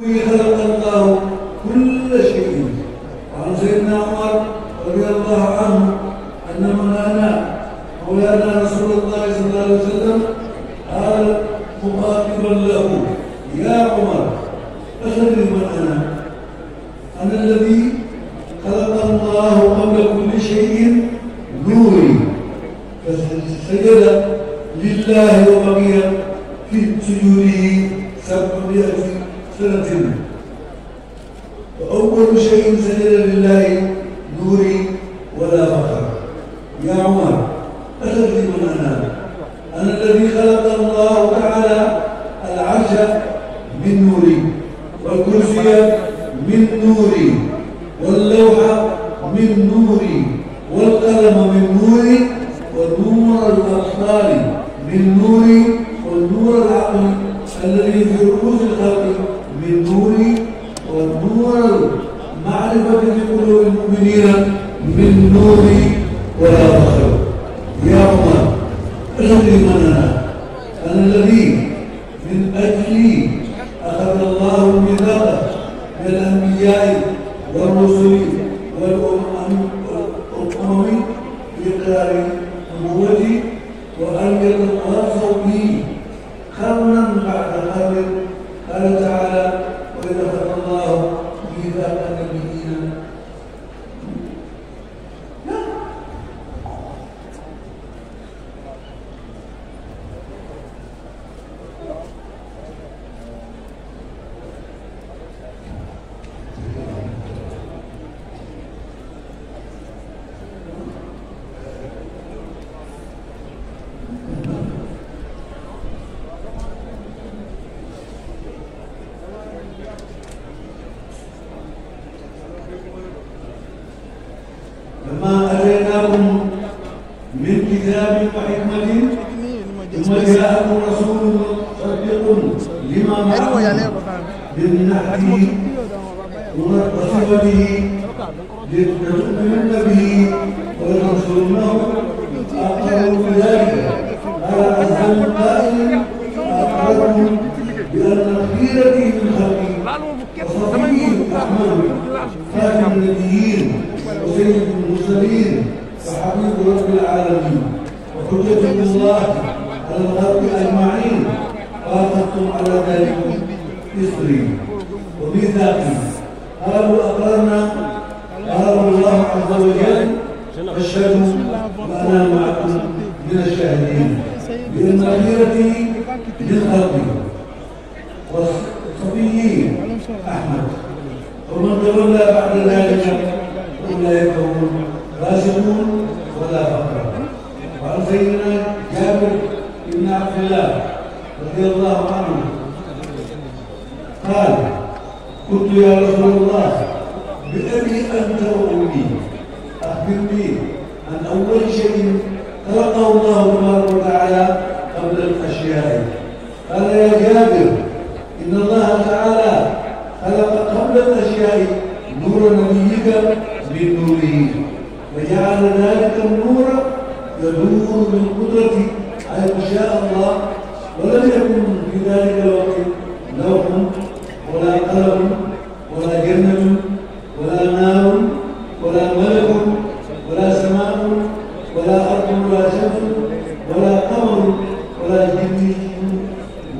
خلق الله كل شيء وعن سيدنا عمر رضي الله عنه ان مولانا مولانا رسول الله صلى الله عليه وسلم قال مخاطبا له يا عمر اشهد من انا انا الذي خلق الله قبل كل شيء نوري فسجد لله سنة ما وأول شيء سجد لله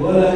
ولا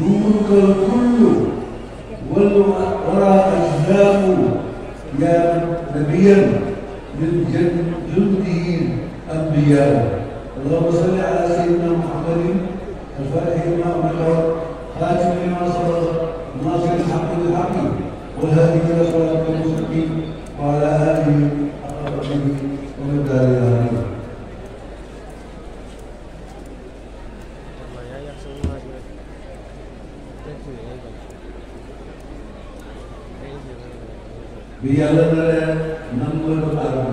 يومك الكل والورى أجزاء يا نبيا من جنده أنبياء اللهم صل على سيدنا محمد الفاتح لما أمرك خاتم لما ناصر الحق بالحق والهادي إلى صراط المستقيم وعلى آله وصحبه ومن دار الآخرين ಎಲ್ಲರೇ ನಂಬಲು ಕಾರಣ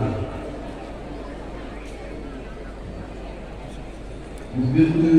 ಬಿಂದು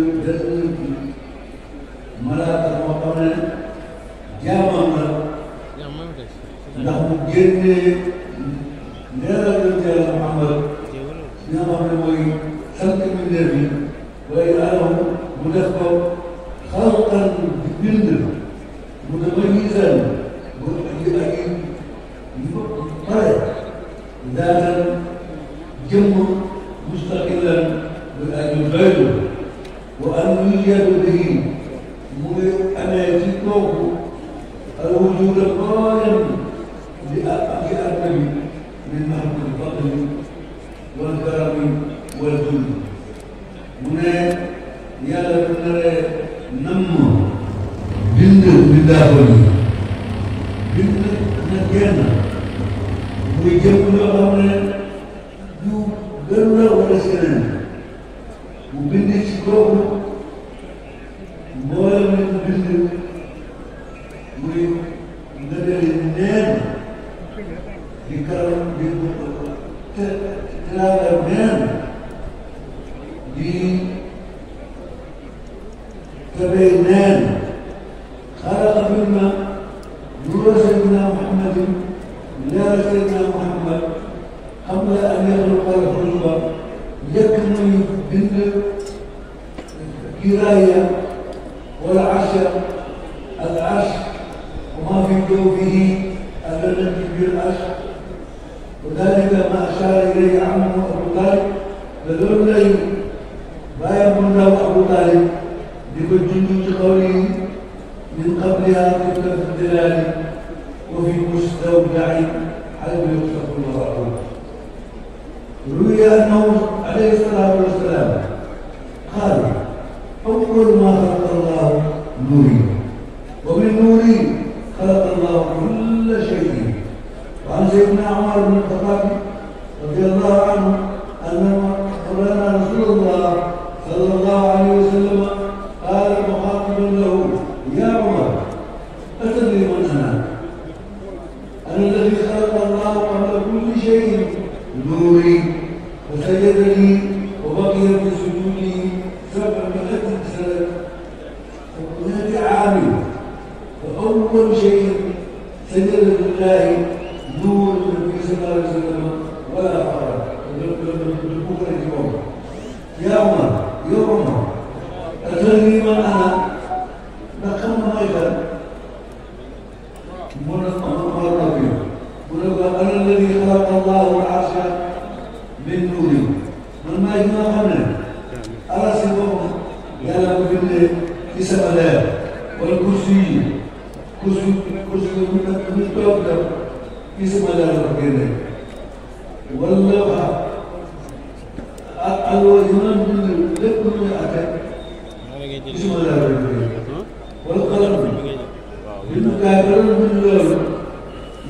اليوم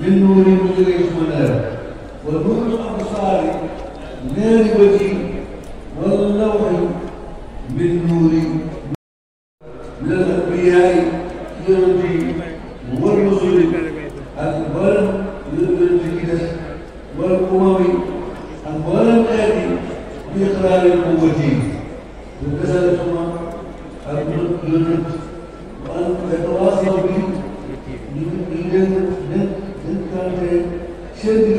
من نور مدرك منار ونور الأبصار نار وجهي واللوح من نور من الأنبياء يرجي والرسل البر للمنزلة والأمم البر الآتي بإقرار القوة وكذلك الجنة ان يتواصل به Let, let, let God say,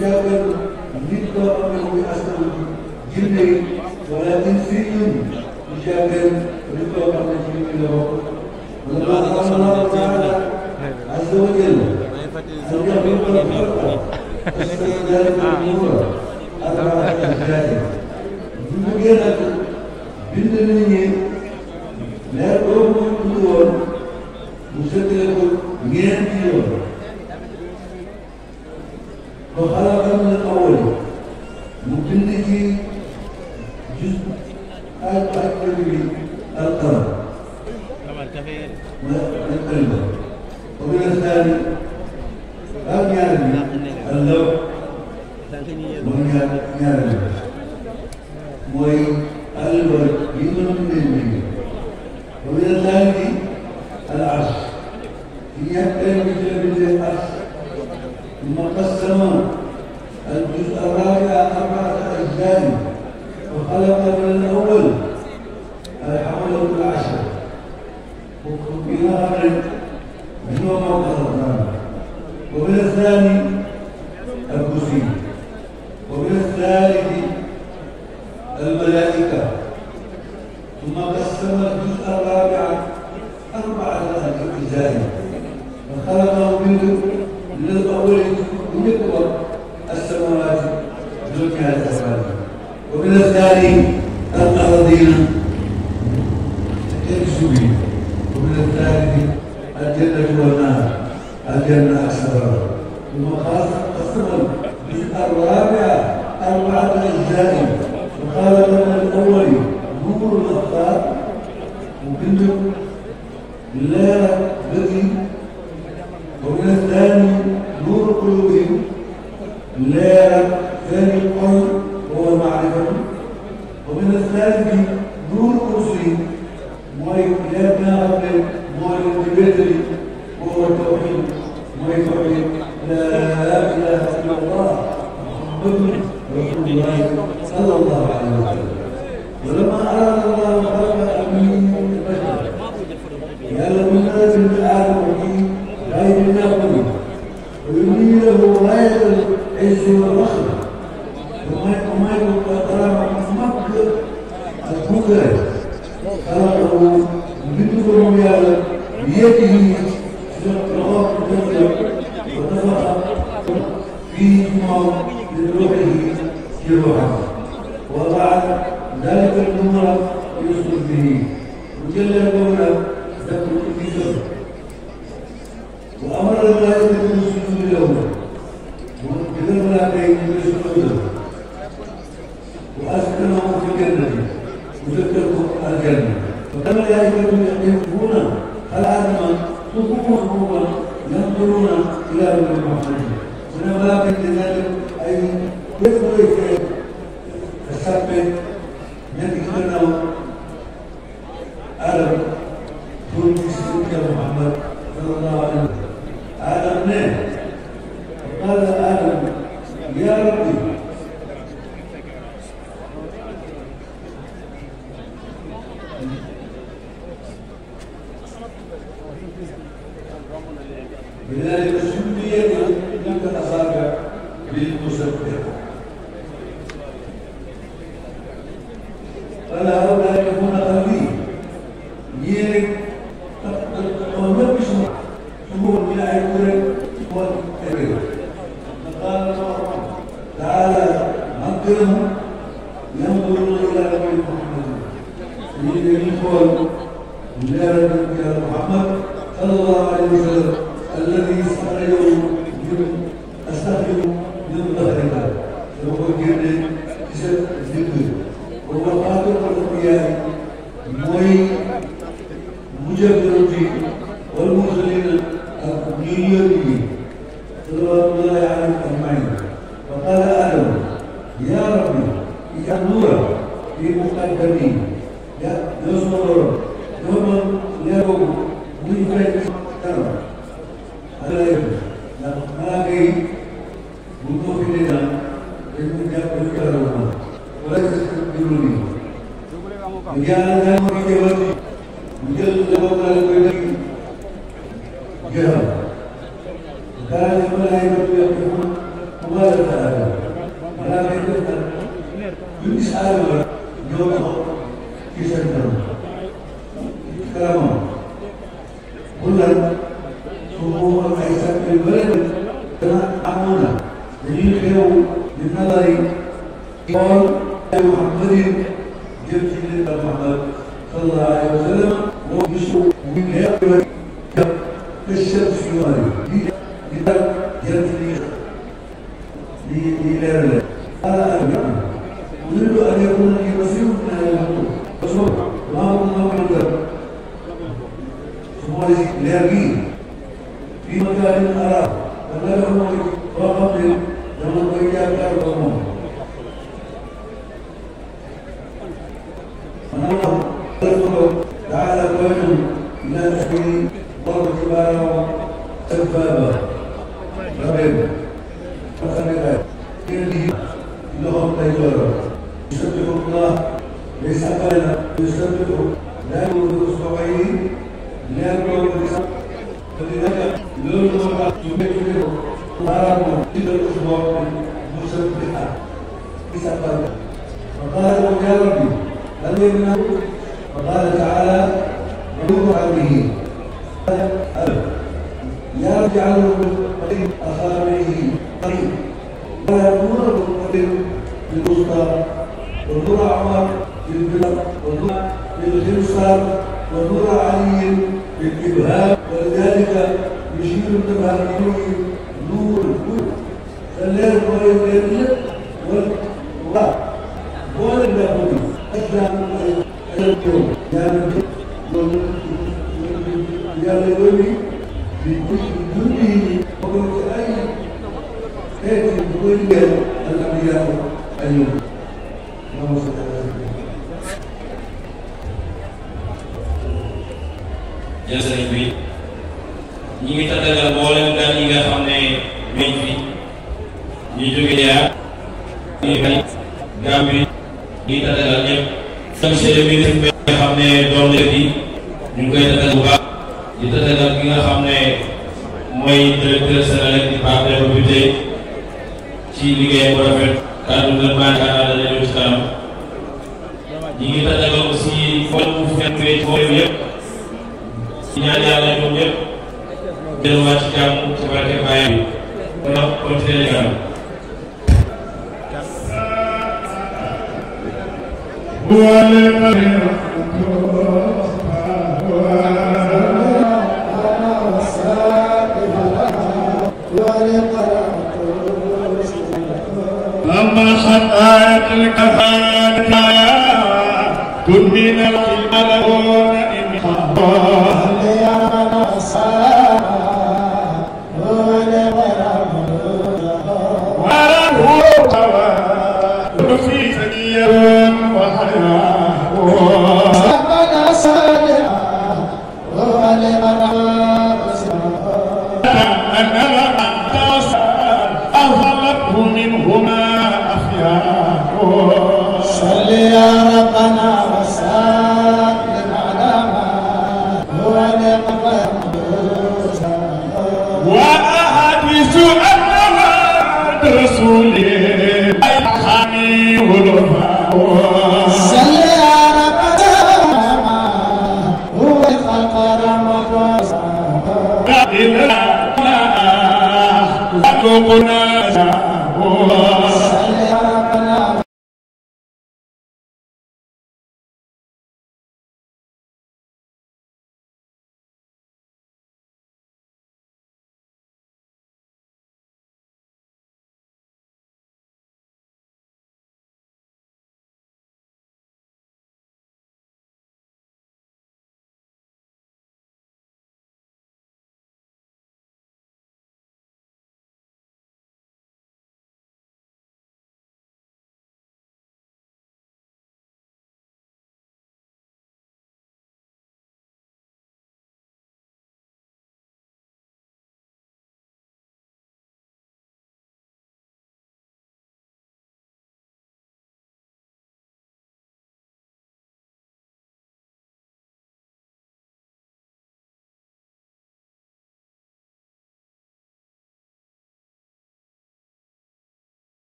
جبل ضد أمره أسد جلد ولكن سيد جبل ضد أمره جلد له ولما أمر الله تعالى عز وجل أن يغلق الخلق استعداد الأمور أربعة أجزاء مجرد وخلق من الأول ممكن نجي جزء أكبر آية من القلم القلب ومن الثاني أبيان اللوح ومن يعلم موي الوجه يظلم من المنين ومن الثالث العرش هي كلمة بالله العرش ثم قسمه الجزء الرابع أربعة أجزاء وخلق من الأول الحولة العشر وبناء منه موقع الرحمن ومن الثاني الكرسي ومن الثالث الملائكة ثم قسم الجزء الرابع أربعة أجزاء وخلقه من الأول من السماوات ملكها الأسباب ومن الثاني الأرضين يجزوي ومن الثالث الجنة والنار الجنة أكثر ثم قسما بالأربعة أربعة أجزاء وقال لنا الأول نور الأخطار وكنت لا بغي ومن الثاني نور قلوبهم لا ثاني القول هو المعرفة ومن الثالث نور ابن عبد قبل والبدري وهو التوحيد ويتوحيد لا اله الا الله محمد رسول الله صلى الله عليه وسلم ولما اراد الله خلق امين البشر يا لم ينزل ادم غير الله ويملي له غاية العز والرخاء وما يقدر مصمت الكوكر خلقه من دون بيده رغاب الدنيا ونفخ فيهما من روحه جروحا وبعد ذلك النور يوصف به وجل دولة ذكر في جسد وأمر الله وذرنا بهم يسجدون واسكنهم في الجنه وذكرهم الجنه وكما يا ايها يحبون العالم صفوفهم ينظرون الى ابن محمد هنا ولكن لذلك اي يفرق في الذي نتكلم عرب كل سيدنا محمد صلى الله عليه وسلم عالم قال عالم يا ربي لذلك ينظرون إلى نبي محمد يريد يقول لا نبي محمد صلى الله عليه وسلم الذي استخرجه استخرجه من ظهرها يعني وهو كان جسد ذكر وهو خاطر الأنبياء موي مجبر به والمرسلين الدنيا الله عليه أجمعين وقال آدم يا رب yang lurah di Muktai Gani ya Nusmolor Nusmol Lero Mujibay Karam adalah itu dan melalui butuh pilihan dan menjadi berkala rumah oleh di dunia negara yang menjawab menjadi jawab oleh pilihan jawab negara yang melalui berkala rumah kembali I will know his Karama. Kullan, Sumo, Isaac, and Velen, Kana, Amuna, the Yukio, the Nalari, all Muhammadin, Jirjin, the Muhammad, Sallallahu Alaihi Wasallam, no issue, we never, the Shams, you are.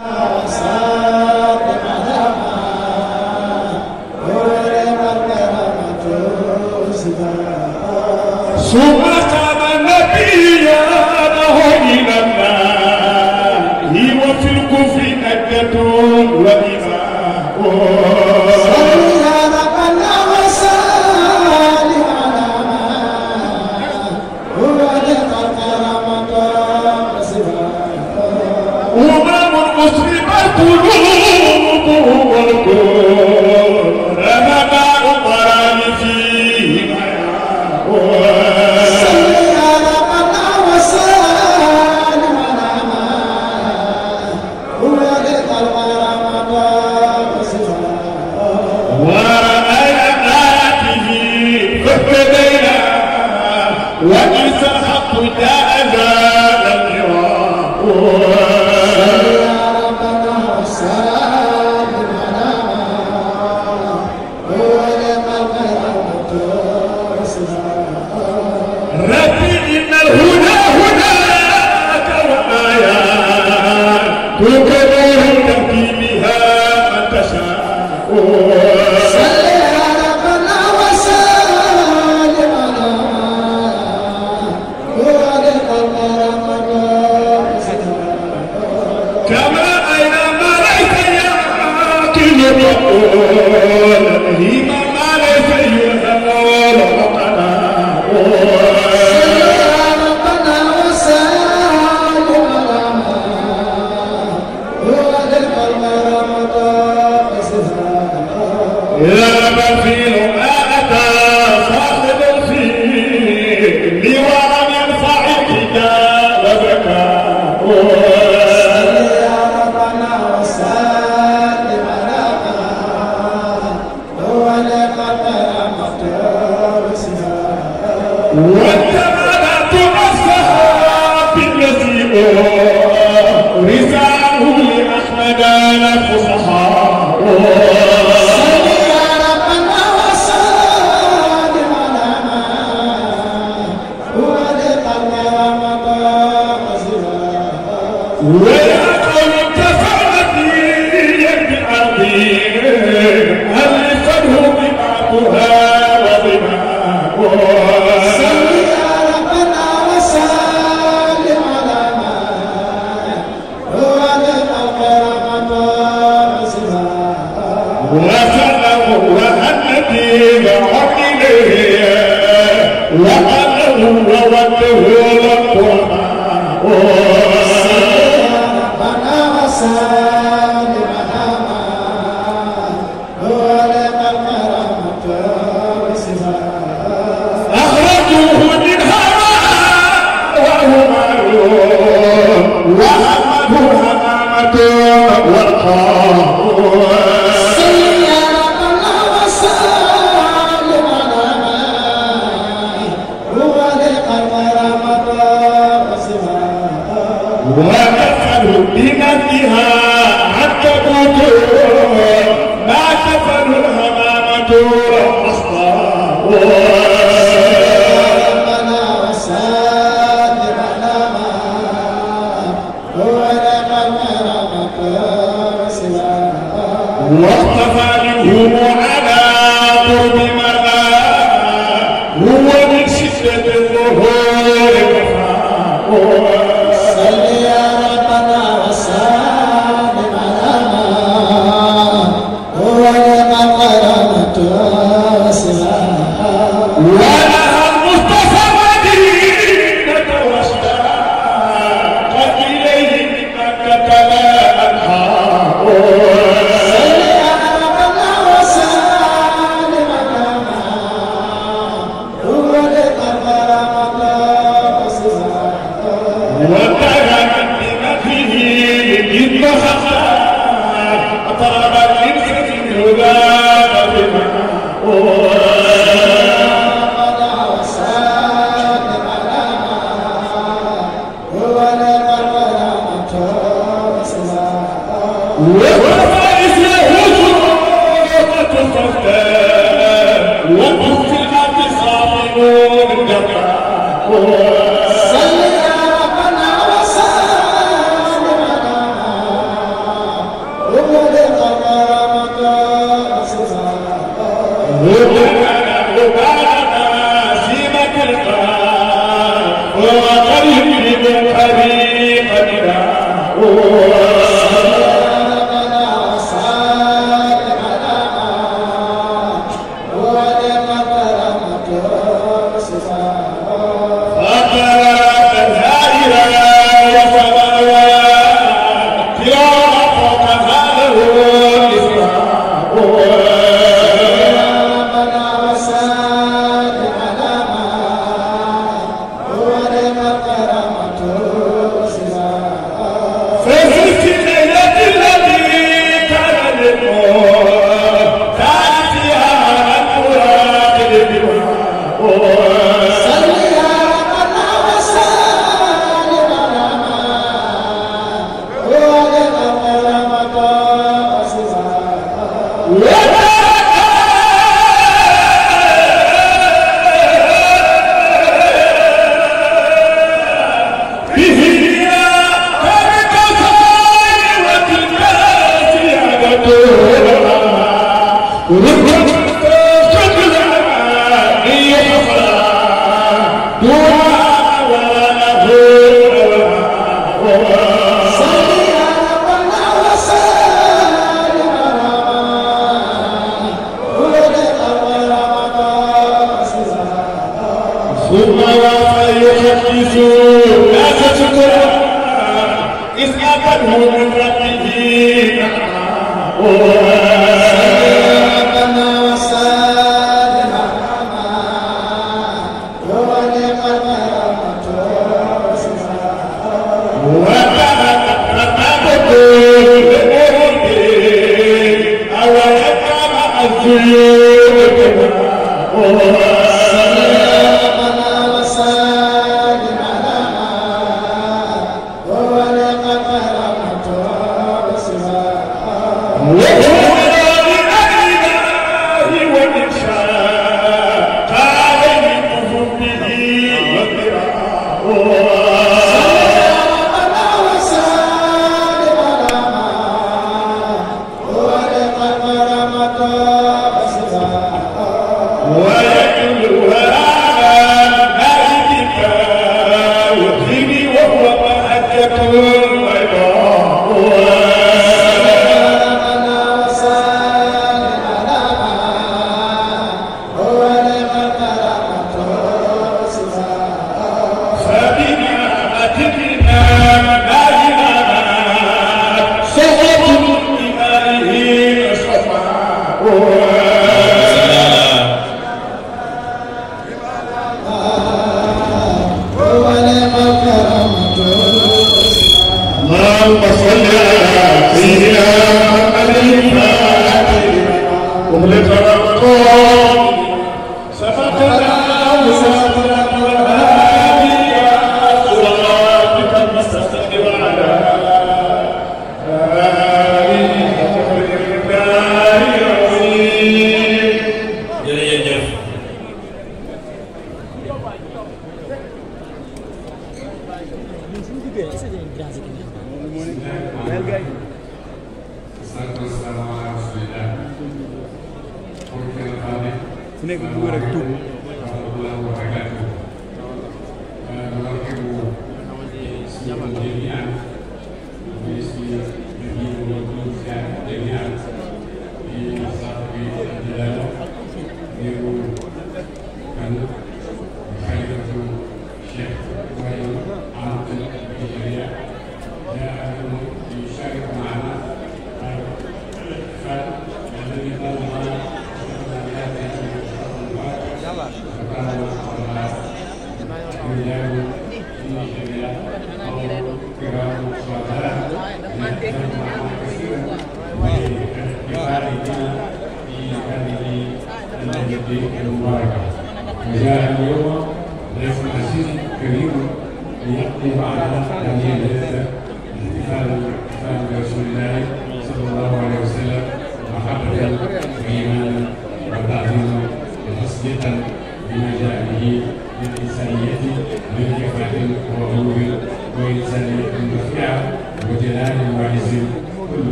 Ah, Rapid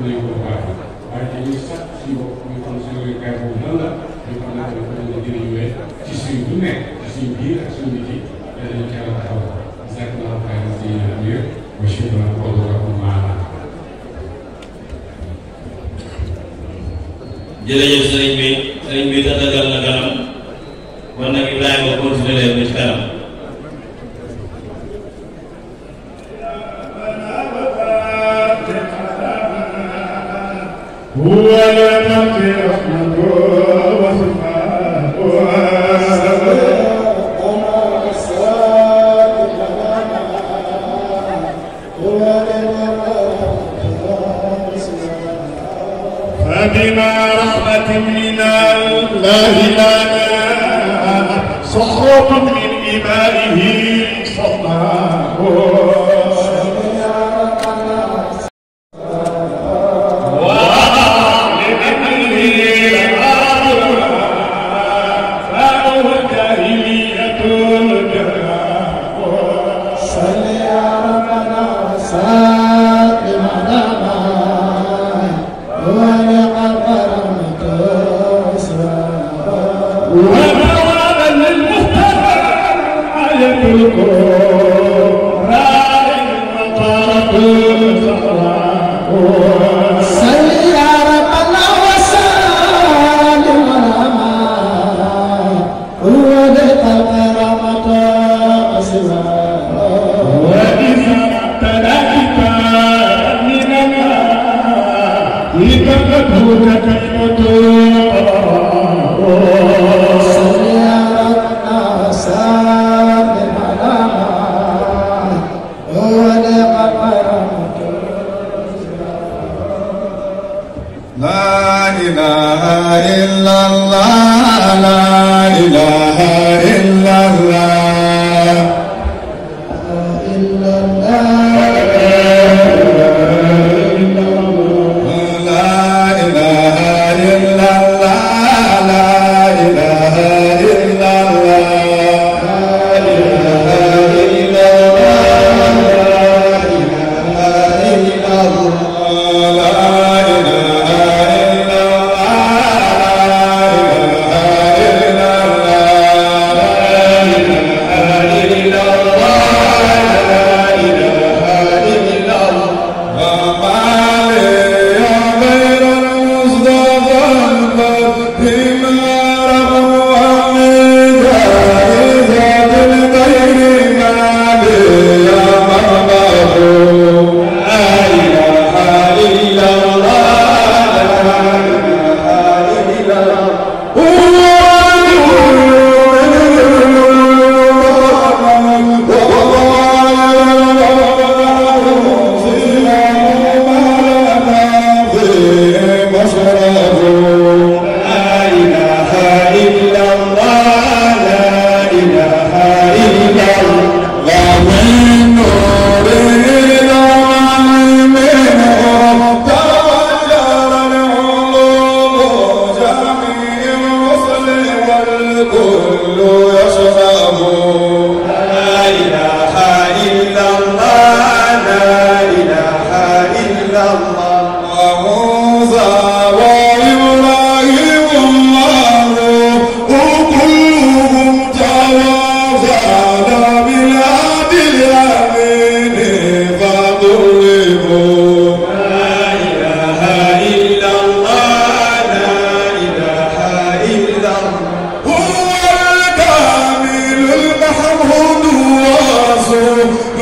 nañ ko bu baax waaye dañuy sax suñu bopp ñu xam suñu liggéey boobu nan la ñu xam ne dafa mën a jëriñoo ci suñu bu nekk ci suñu biir ak suñu nit yi danañ teel a taxaw sax naa xayma si yéen am yëpp wa shukran wallahu maana jërëjëf sëriñ bi sëriñ bi tëddal na kanam kon nag Ibrahima continué leen ba ci kanam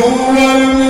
my one.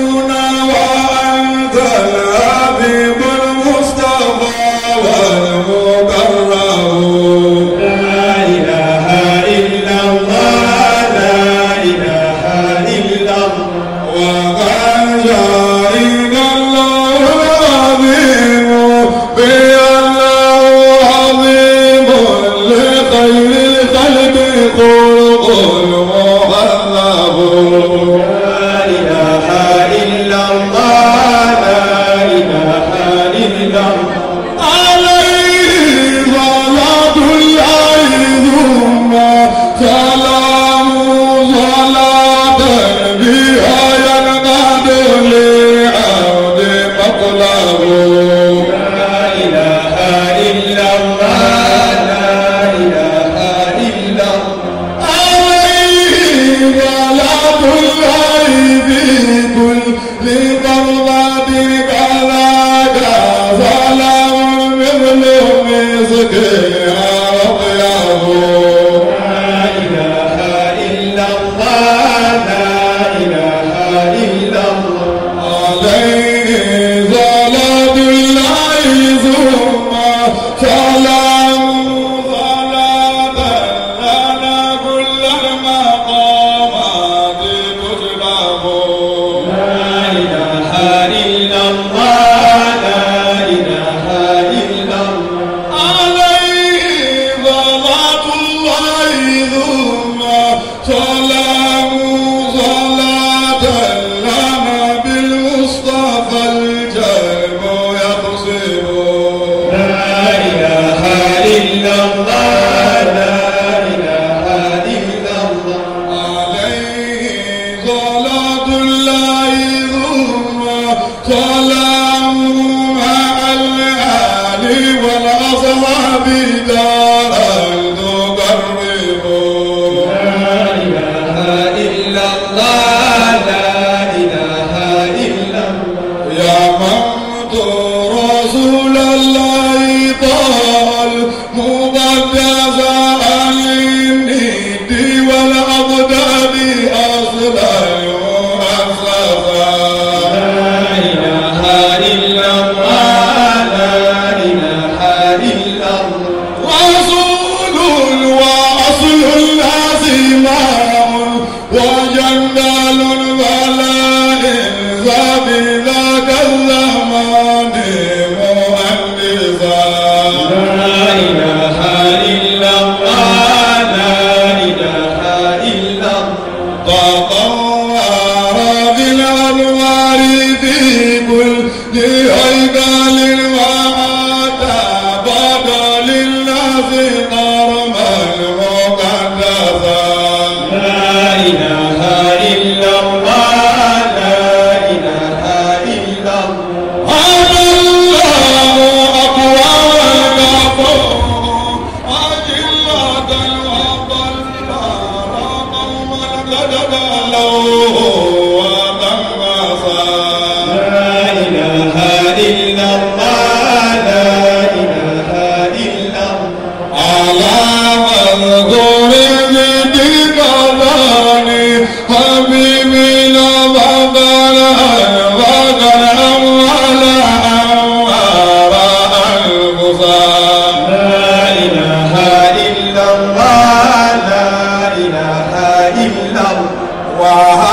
Wow.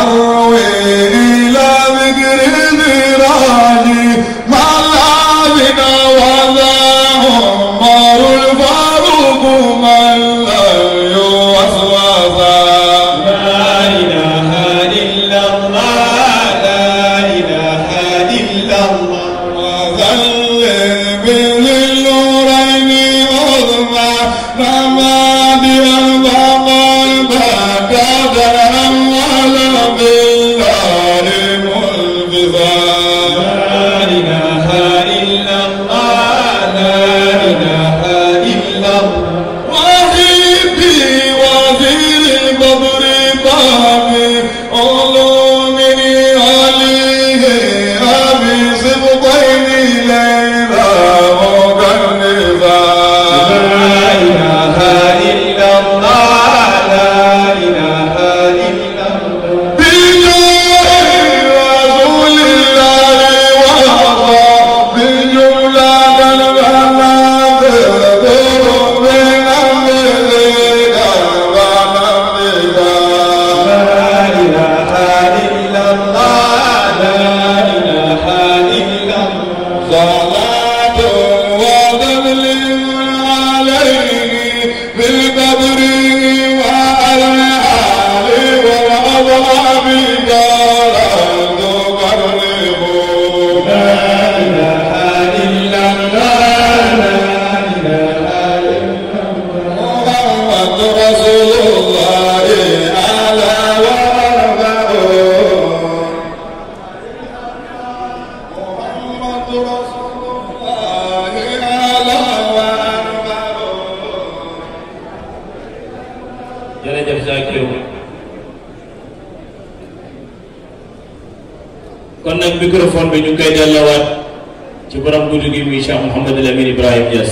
Ibrahima Niass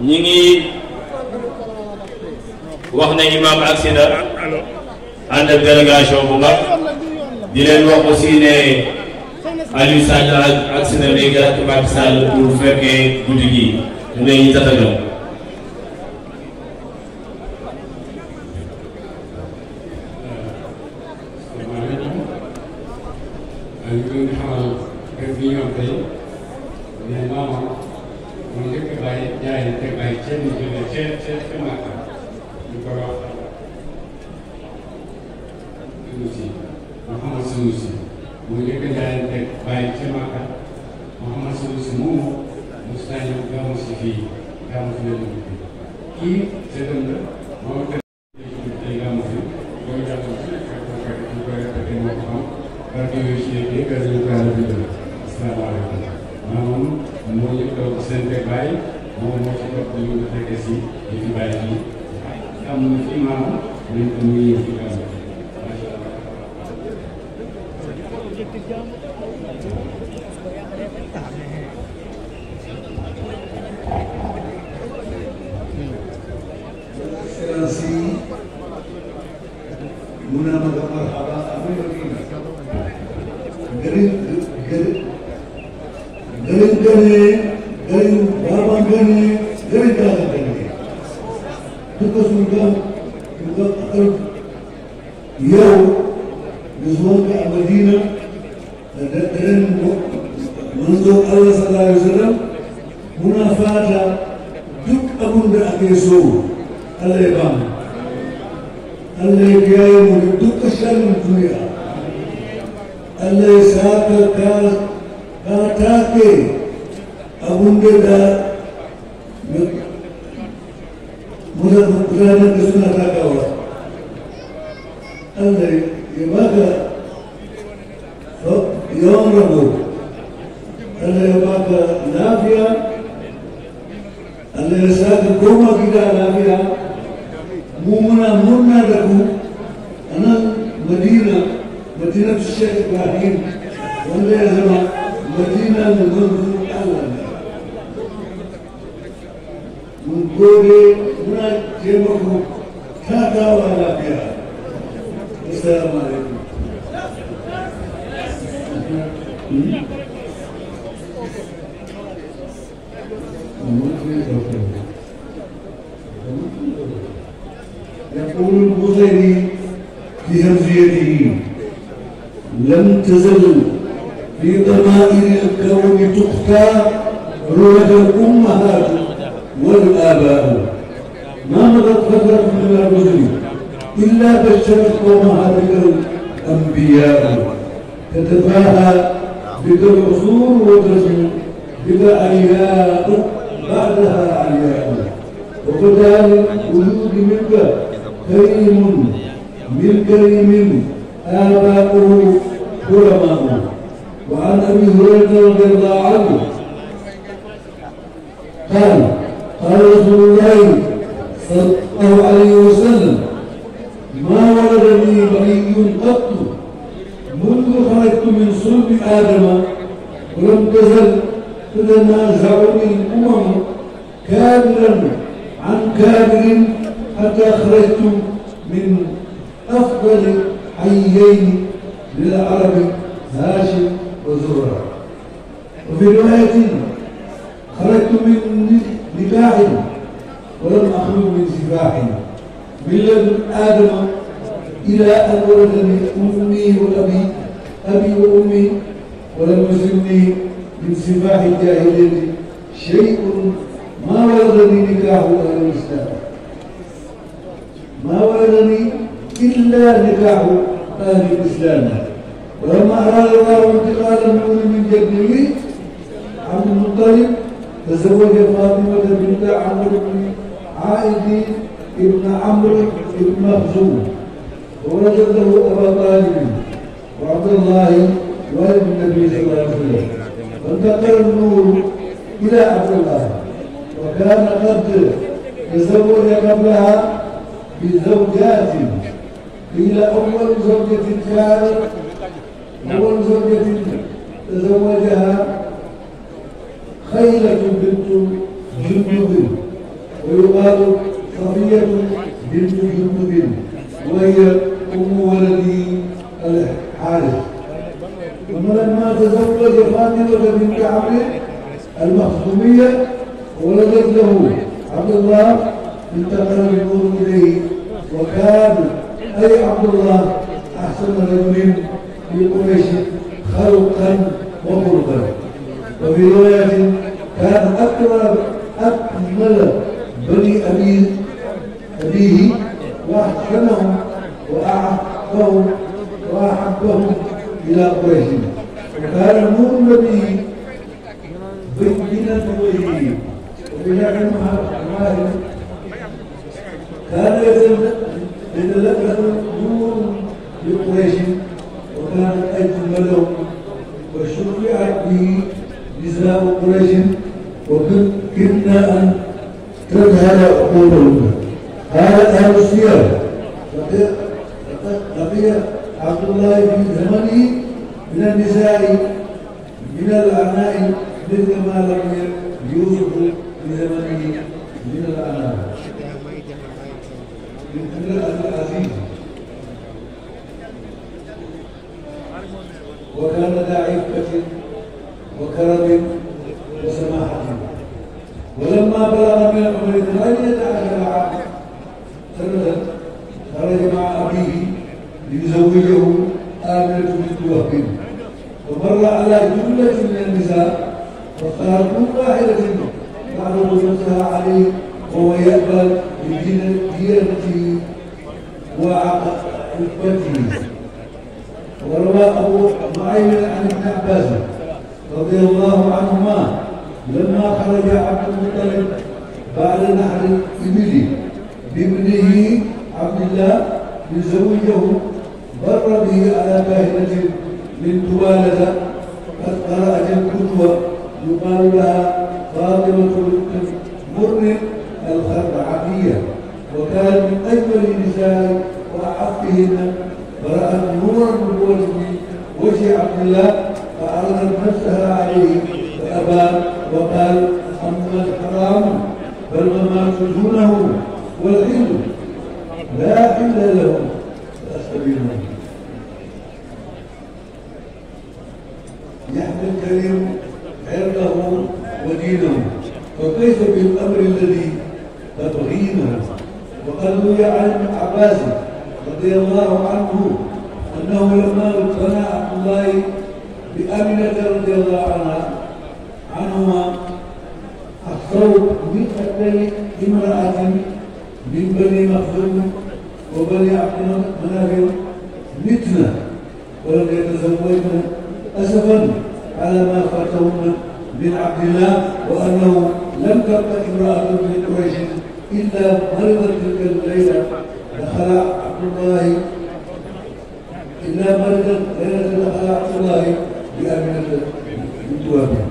ñi wax ne imam agsi na ànd ak délégation bu mag di leen wax aussi ne Aliou Sall agsi na léegi ak Macky Sall pour fekkee guddi gi mu ne ñu tatagal అల్లేకే ముందు కషలుతుయా అల్లే సాత కా కాటాకే abunda muna gudanar da suna takawa allah ya baka yawan rabo allah ya baka lafiya allah ya sa ka koma gida lafiya مومنا منا لكم أنا مدينة مدينة الشيخ إبراهيم ولا يزمع مدينة لمنظر الله من قولي هنا جيبكم كاكا ولا بيها السلام عليكم Mm-hmm. تزلل في ضمائر الكون تخفى رؤى الأمهات والآباء ما مضت فترة من الرسل إلا بشرت قومها بك الأنبياء تتفاهى بك العصور وتزن بك أياء بعدها أياء وفتى القلوب منك كريم من كريم آباؤه علماؤه وعن ابي هريره رضي الله عنه قال قال رسول الله صلى الله عليه وسلم ما ولد لي قط منذ خرجت من صلب ادم ولم تزل تتنازعني الامم كابرا عن كابر حتى خرجت من افضل حيين للعرب هاشم وزهرة وفي رواية خرجت من نباح ولم أخرج من سفاح من لدن آدم إلى أن ولدني أمي وأبي أبي وأمي ولم يسلني من سفاح الجاهلين شيء ما ولدني نكاح أهل الإسلام ما ولدني إلا نكاح أهل الإسلام ولما أراد الله انتقال الأمر من جده عبد المطلب تزوج فاطمة بنت عمرو بن عائد بن عمرو بن مخزوم ووجده له أبا طالب وعبد الله والد النبي صلى الله عليه وسلم وانتقل النور إلى عبد الله وكان قد تزوج قبلها بزوجات قيل أول زوجة كان نعم. أول زوجة تزوجها خيلة بنت جندب ويقال صفية بنت جندب وهي أم ولدي الحارث ولما تزوج فاطمة بنت عمرو المخزومية ولدت له عبد الله انتقل النور إليه وكان أي عبد الله أحسن رجل في قريش خلقا وقربا وفي رواية كان أقرب أكمل بني أبي أبيه وأحسنهم وأعفهم وأحبهم إلى قريش وكان نور النبي بين وجهه وبجعل مهاجم كان يتمنى لأن لم يكن نور لقريش وكان أيضا لهم وشفعت به نساء قريش وكنا أن تذهل عقولهم هذا أهل السير لقي عبد الله في زمنه من النساء من العناء مثل ما لقي يوسف في زمنه من العناء للأمير العزيز وكان ذا عفة وكرم وسماحة ولما بلغ من عمر ثمانية عشر عاما خرج مع أبيه ليزوجه آمنة بنت وهب ومر على جملة من النساء فاختار كل واحدة منهم معلومتها عليه ويقبل بديرته وعقبته وروى أبو معين عن ابن عباس رضي الله عنهما لما خرج عبد المطلب بعد نحر الإبل بابنه عبد الله ليزوجه بر به على باهلة من طوالة قد قرأت الكتب يقال لها فاطمة بنت مر الخرعبية وكان من أجمل النساء وأحقهن ورأت نورا من وجه وجه عبد الله فعرضت نفسها عليه فأبى وقال محمد حرام بل وما تجونه والعلم لا حل له فأستبينه يحمي الكريم عرضه ودينه فكيف بالأمر الذي لا تهينها وقالوا يا عباس رضي الله عنه أنه لما اقتنع عبد الله بأمنة رضي الله عنها عنهما الثوب من قتل امرأة من بني مخزوم وبني عبد منافع فتنة ولم يتزوجن أسفا على ما فاتهن من عبد الله وأنه لم تبقى امرأة من قريش إلا مرضت تلك الليلة دخل عبد الله إلا مرضت ليلة دخل عبد الله بامنه من توابه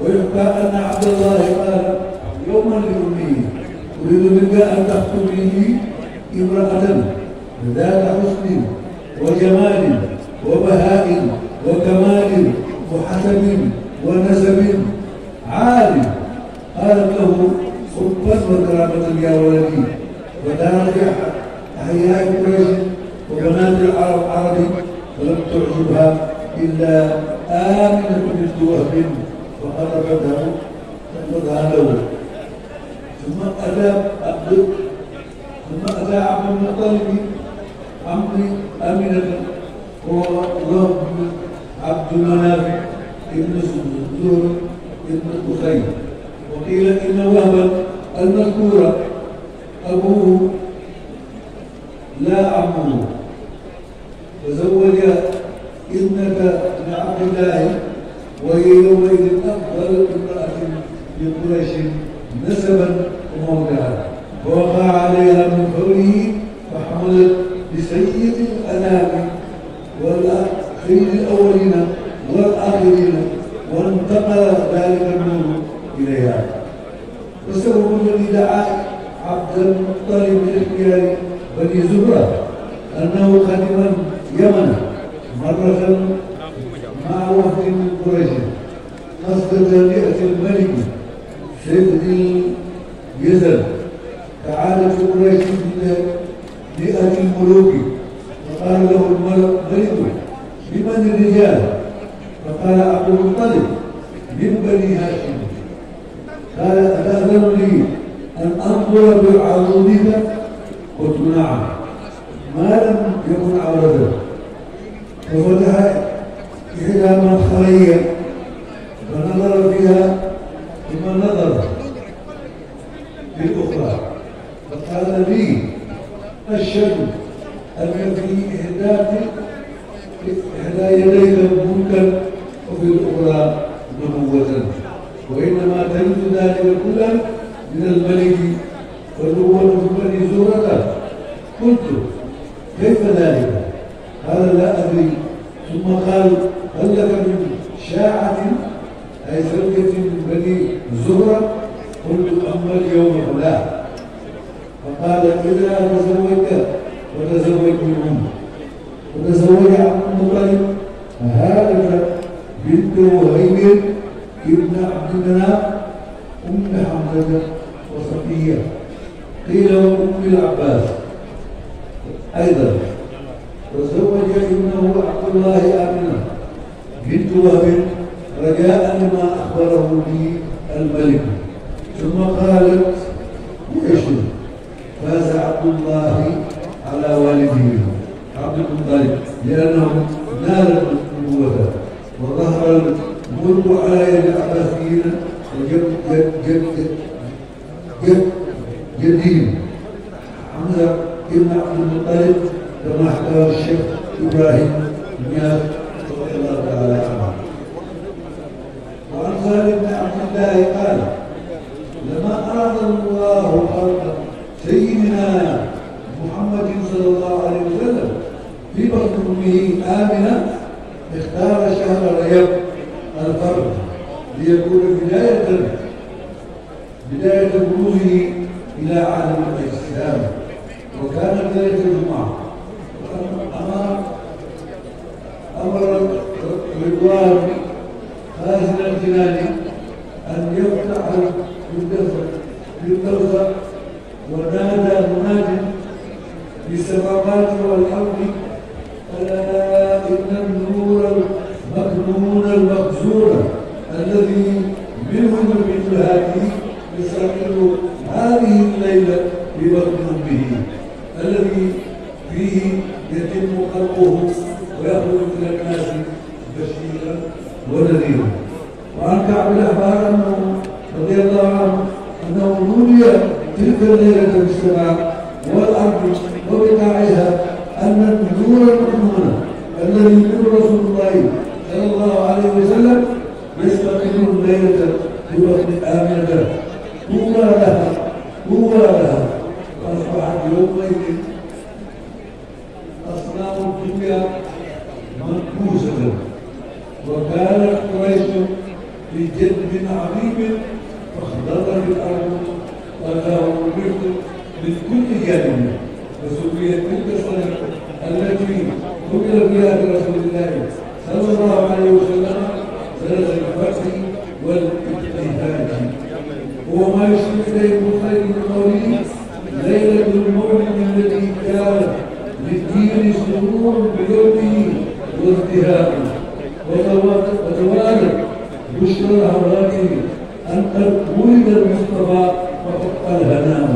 ويحكى أن عبد الله قال يوما لأمه أريد منك أن تخطبني امرأة ذات حسن وجمال وبهاء وكمال وحسب ونسب عالي قالت له حبا وكرامة يا ولدي ودافع أحياء قريش وبنات العرب عربي ولم تعجبها إلا آمنة بنت وهب فقربته فقدها له ثم أتى عبد ثم أتى عبد المطلب عمري أمنة وغرب عبد مناف ابن زهر ابن أخي وقيل إن وهبا المذكور أبوه لا عمه تزوج ابنة بن عبد الله وهي يومئذ أفضل امرأة من قريش نسبا وموضعا ووقع عليها من قوله فحملت بسيد الأنام والأخير الأولين والآخرين وانتقل ذلك النور إليها وسبب الذي دعا عبد المطلب لاختيار بني زهرة أنه خادما يمن مرة مع وفد من قريش قصد تهنئة الملك سيد ذي يزن قريش بتهنئة الملوك فقال له الملك بمن الرجال فقال عبد المطلب من بني هاشم قال أتأذن لي أن أنظر بعروضك قلت نعم ما لم يكن عورته ففتح إحدى مدخلي فنظر فيها ثم نظر للأخرى فقال لي أشهد أن في إحدى إحدى يديك ملكا وفي الأخرى نبوة وإنما ترد ذلك كله من الملك والنبوة بني زهرة قلت كيف ذلك؟ قال لا أدري ثم قال هل لك من شاعة أي زوجة من بني زهرة قلت أما اليوم فلا فقال إذا تزوجت وتزوجت منهم وتزوج عبد المطلب فهذا بنت وهيبه ابن عبد المناف أم حمزة وصفية قيل وام العباس أيضا وزوج ابنه عبد الله آمنة بنت وهب رجاء لما أخبره به الملك ثم قالت ليش فاز عبد الله على والده عبد المطلب لأنه نال النبوة وظهر والرعاية العباسيين جد جد جد جد جديد حمزة بن عبد المطلب كما احتار الشيخ إبراهيم نياز رضي الله تعالى عنه وعن سالم بن عبد الله قال لما أراد الله خلق سيدنا محمد صلى الله عليه وسلم في بطن أمه آمنة اختار شهر رجب القرن ليكون بداية بداية بلوغه إلى عالم الإسلام وكانت ذلك الجمعة أمر أمر رضوان خازن الجنان أن يفتح بالدرجة ونادى مناد بالسماوات والأرض ألا إن المأمون المأجور الذي منهم المجهاد يستقر هذه الليلة به الذي فيه يتم خلقه ويخرج إلى الناس بشيرا ونذيرا وعن كعب الأحبار أنه رضي الله عنه أنه نودي تلك الليلة بالسماء والأرض وبقاعها أن النذور المأمونة الذي من رسول الله الله عليه وسلم يستقر الليلة بوقت آمنة قوى لها قوى لها فأصبحت يومئذ أصنام الدنيا منكوسة وكانت قريش في جد عظيم فاخضر الأرض وله الرزق من كل جانب وسميت تلك الصلاة التي قبل بها برسول الله صلى الله عليه وسلم سنة هو ما يشير ليلة المولد التي كانت للدين سرور بشرى هواته أن قد ولد المصطفى وحق الهنام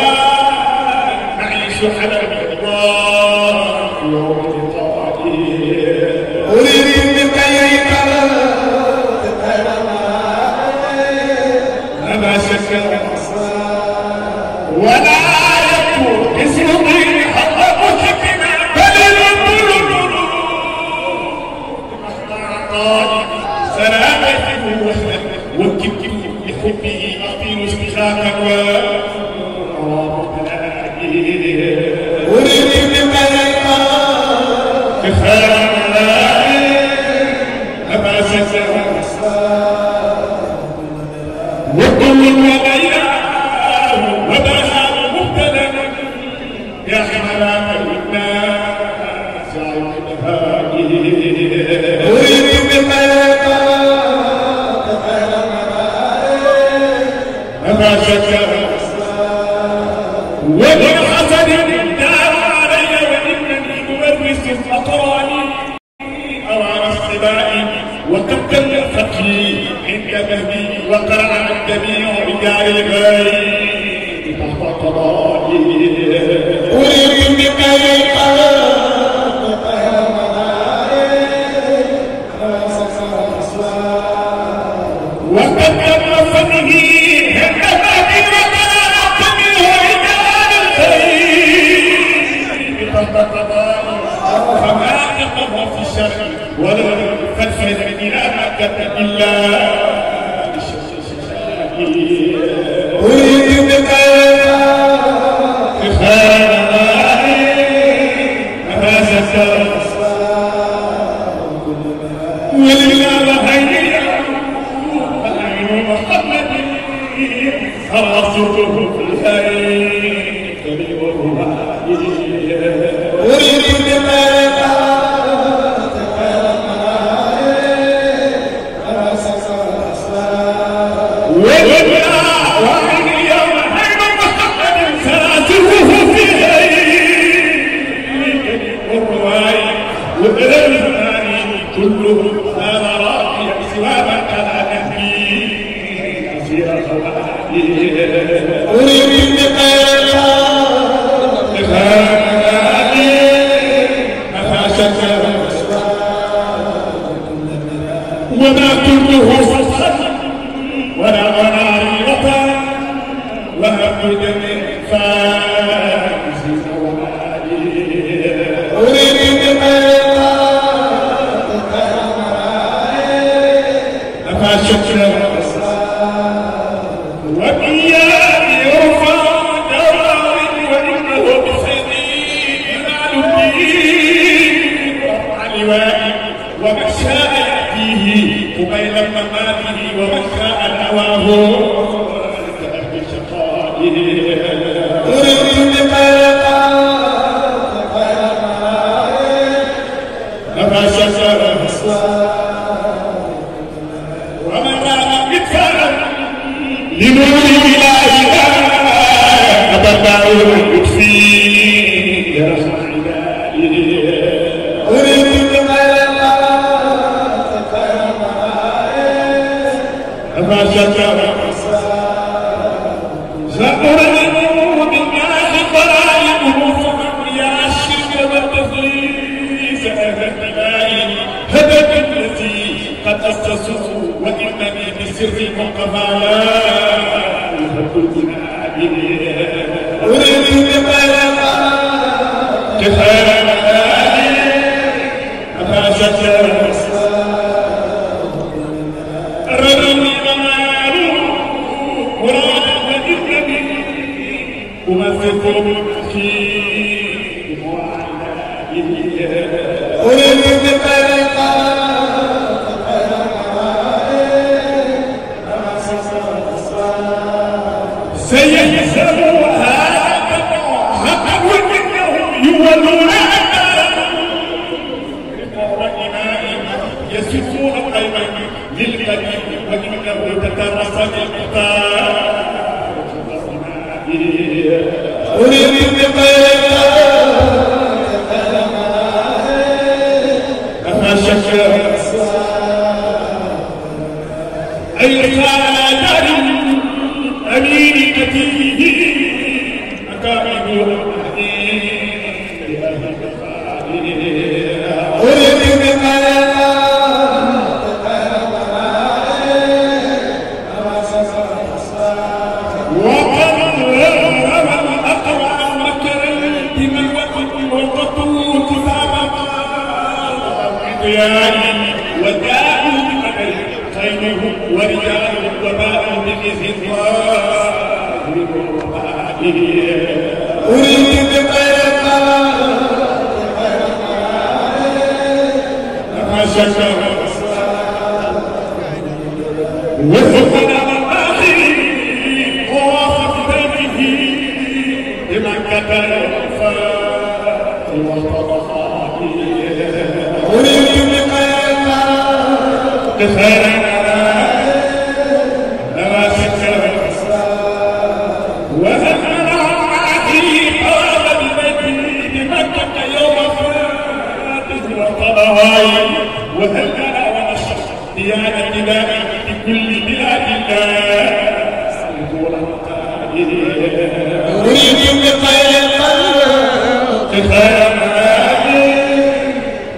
Aleluia!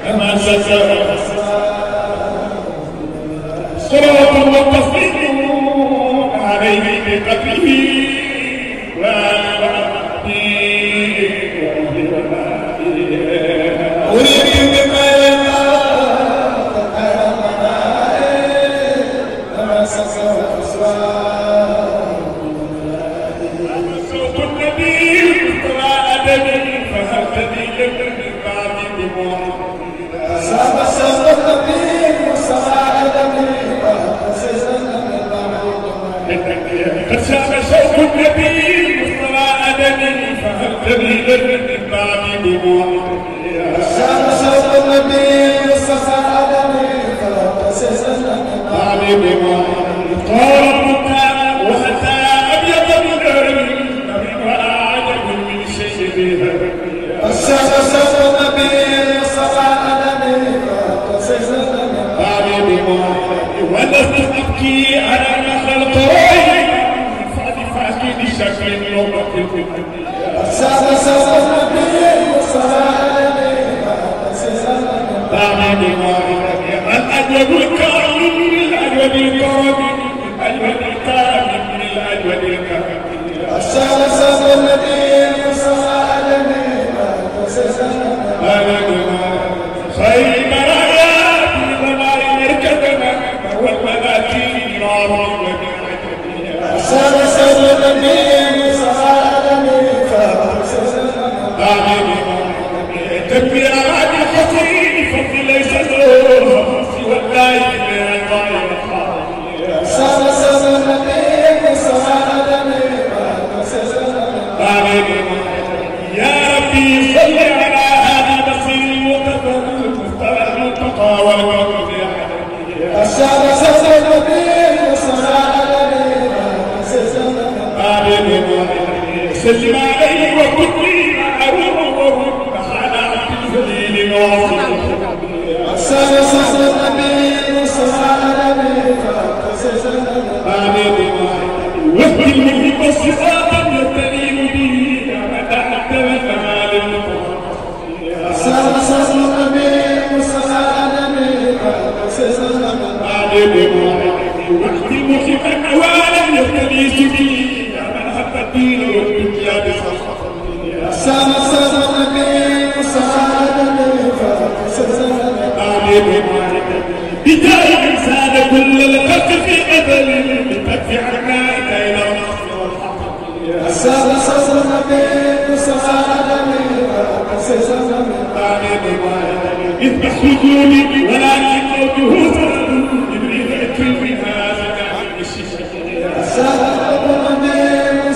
ẹ máa ṣẹṣẹ rẹ. نبي مسلمہ ادب انصاف قال السادة سادة النبي سلم عليه وكلي معه وهم على عبد الخليل نواصي أسأل صلى النبي المصطفى على آمين وكل من الصفات يتليم به كما تحت وكمال أسأل صلى النبي المصطفى على آمين وقت المخيف أولا يتليم به بداية زاد كل الخلق في قبل بفتح عناك إلى الرحمة والحق السلام صلى النبي صلى اذبح رجولي ولكن موته سرد جبريل اكرم هذا عن الشيخ السلام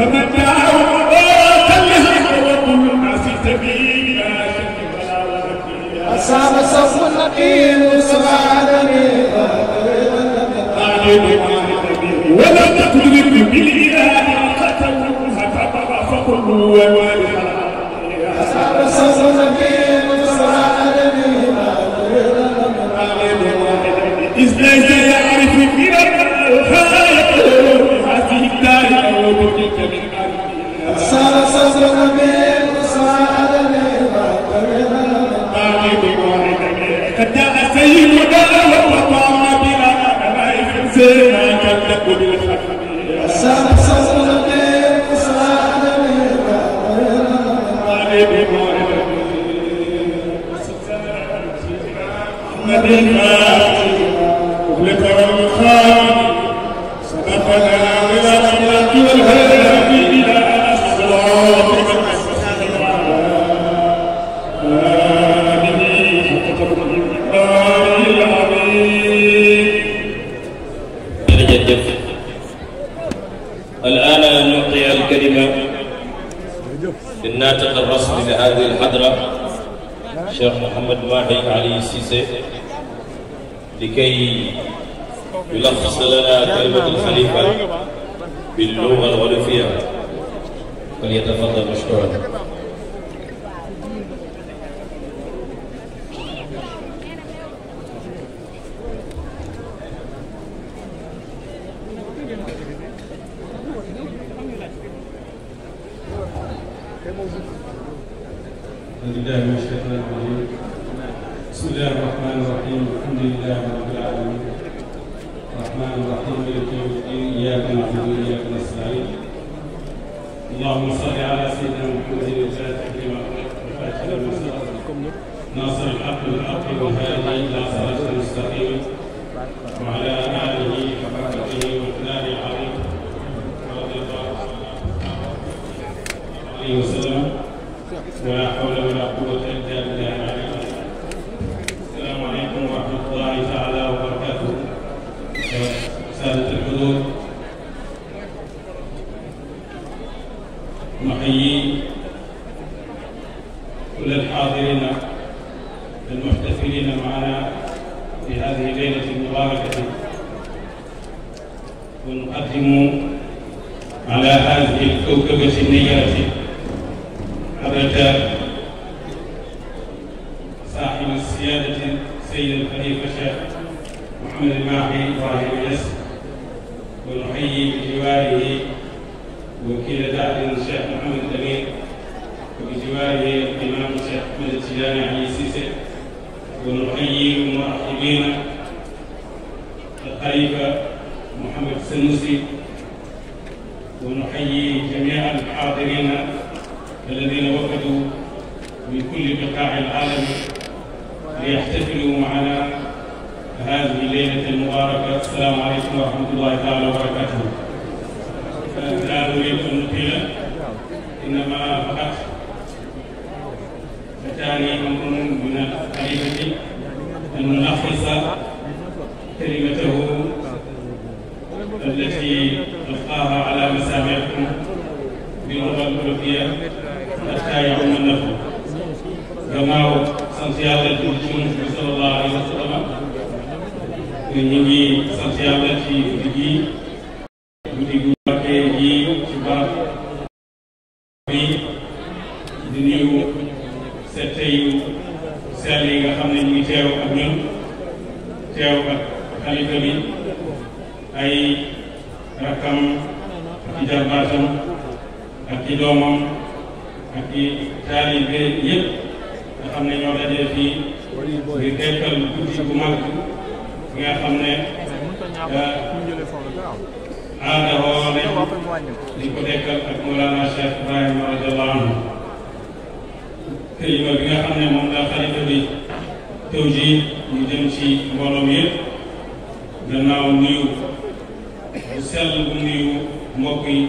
أصاب صف النقيل سبعدني ولا تكذب بالإله قتلوا فكبر فقلوا وما أصاب صف النقيل سبعدني aadawoo nañu liñ ko dekkal ak Mawlana Cheikh Ibrahima radiyallahu anhu kalima bi nga xam ne moom la xalifa bi teew ji ñu jëm ci mbooloom yëpp gannaaw nuyu bu sell bu nuyu mbokk yi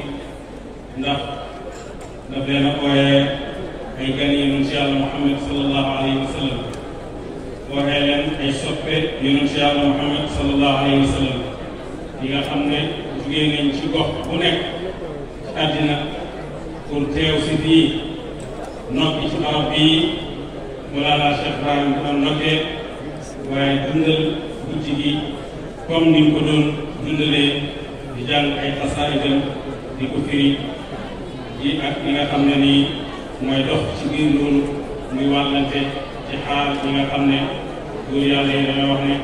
ndax daf leen a ooyee ay gan yi yonent Yàlla Muhammad sallallahu alayhi wa sallam waxee leen ay soppe yonent Yàlla Muhammad sallallahu alayhi wa sallam yi nga xam ne jugee nañ ci gox bu nekk àddina pour teew si fii noppi ci barab bii Mawlana Cheikh Ibrahim doon noppee waaye dundal guddi gi comme ni ko doon dundalee di jàng ay xasaayidam di ko firi di ak li nga xam ne nii mooy dox ci biir loolu muy wàllante ci xaar yi nga xam ne góor yàlla yi dañoo wax ne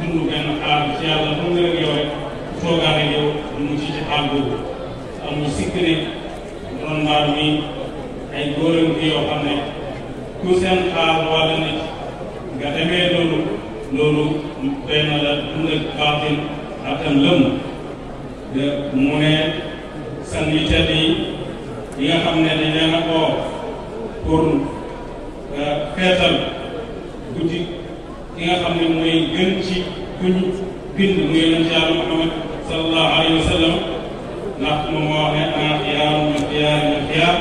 dund benn xaar ci yàlla mu ngi rek yow rek programme yi ñu ngi ci xaal boobu amul sikk ne doon mbaar mi ay góoram ki yoo xam ne ku seen xaar wàll nit nga demee loolu loolu doy la dund ak baatin ak tam mu ne san yi yi nga xam ne dañ leen a oo pour euh, guddi ki nga xam ne mooy gën ci kuñ bind muy leen ci yàlla Muhammad sallallahu alayhi wa sallam ndax moom moo ne ana ah, xiyaaru min xiyaari min xiyaar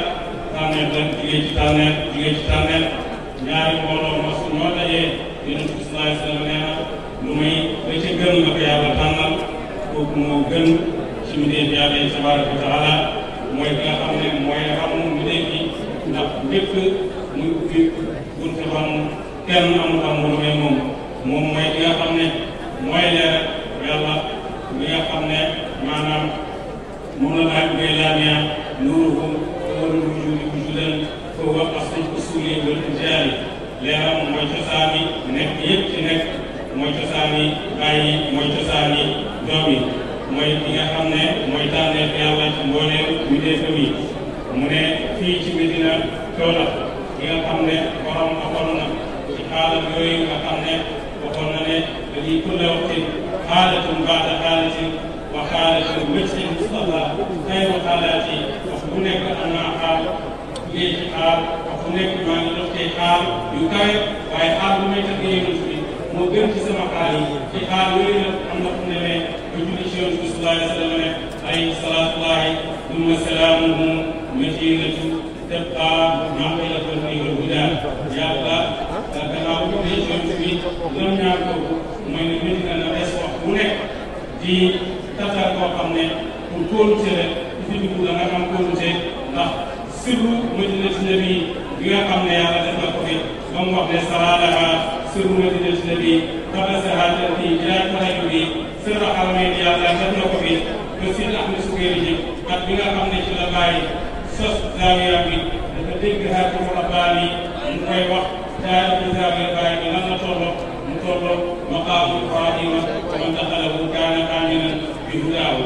tànneef rek jigéen ci ci tànneef ñaari mbooloo ma su ñoo dajee yonent bi sallallahu alayhi wa sallam nee na lu muy da ca gën la ko yàlla tànnal ci mbindeef yàlla yi tabaraka wa taala mooy ki nga xam ne mooy ramu mbindeef yi ndax lépp muy ubbi bunte xam kenn amul amul moom moom mooy ki nga li nga xam ne maanaam moom la laaj ngay laamee nuuruhum wala wujuudi wujuudan fa huwa aslu usuli wal ijaali leeram mooy cosaani nekk yëpp ci nekk mooy cosaani bàyyi mooy cosaani doom yi mooy ne mooy tànneef yàlla ci mbooleem ñu defam yi mu ne fii ci Medina Coona ki nga xam ne borom waxoon na ci xaalam yooyu nga xam ne waxoon na ne dañuy kulla waxtin حالة بعد حالة وحالة وجه المصطفى خير حالاتي وهناك أنا حال ليه حال وهناك ما يلقي حال يكاي وهي حال ما تكيني مجري مدير في سما حالي في حال ويلة أنا كنت بجد شيء صلى الله عليه وسلم أي صلاة الله ثم سلامه مدينة تبقى معقلة في الهدى يا الله لكن أقول لك شيء لم يكن من مثلنا di tasaar koo xam ne pour kóolute la ci dugg la nga am kóolute ndax sirru madinatu nabi bi nga xam ne yàlla def na ko fi ba ne salaalaha sirru madinatu nabi tabasaha tanti ilaa tahaju bi sirra xarameet yàlla def na ko fi ba si ahmed sukeeri ji ak bi nga xam ne ci la bàyyi sos zaawiya bi dafa dégg xaatu rabbaani mu koy wax daal di zaawiya bàyyi bi lan la tolloo mu tolloog maqaamul xaadima man daxalahu kaana aaminan bi hudaahu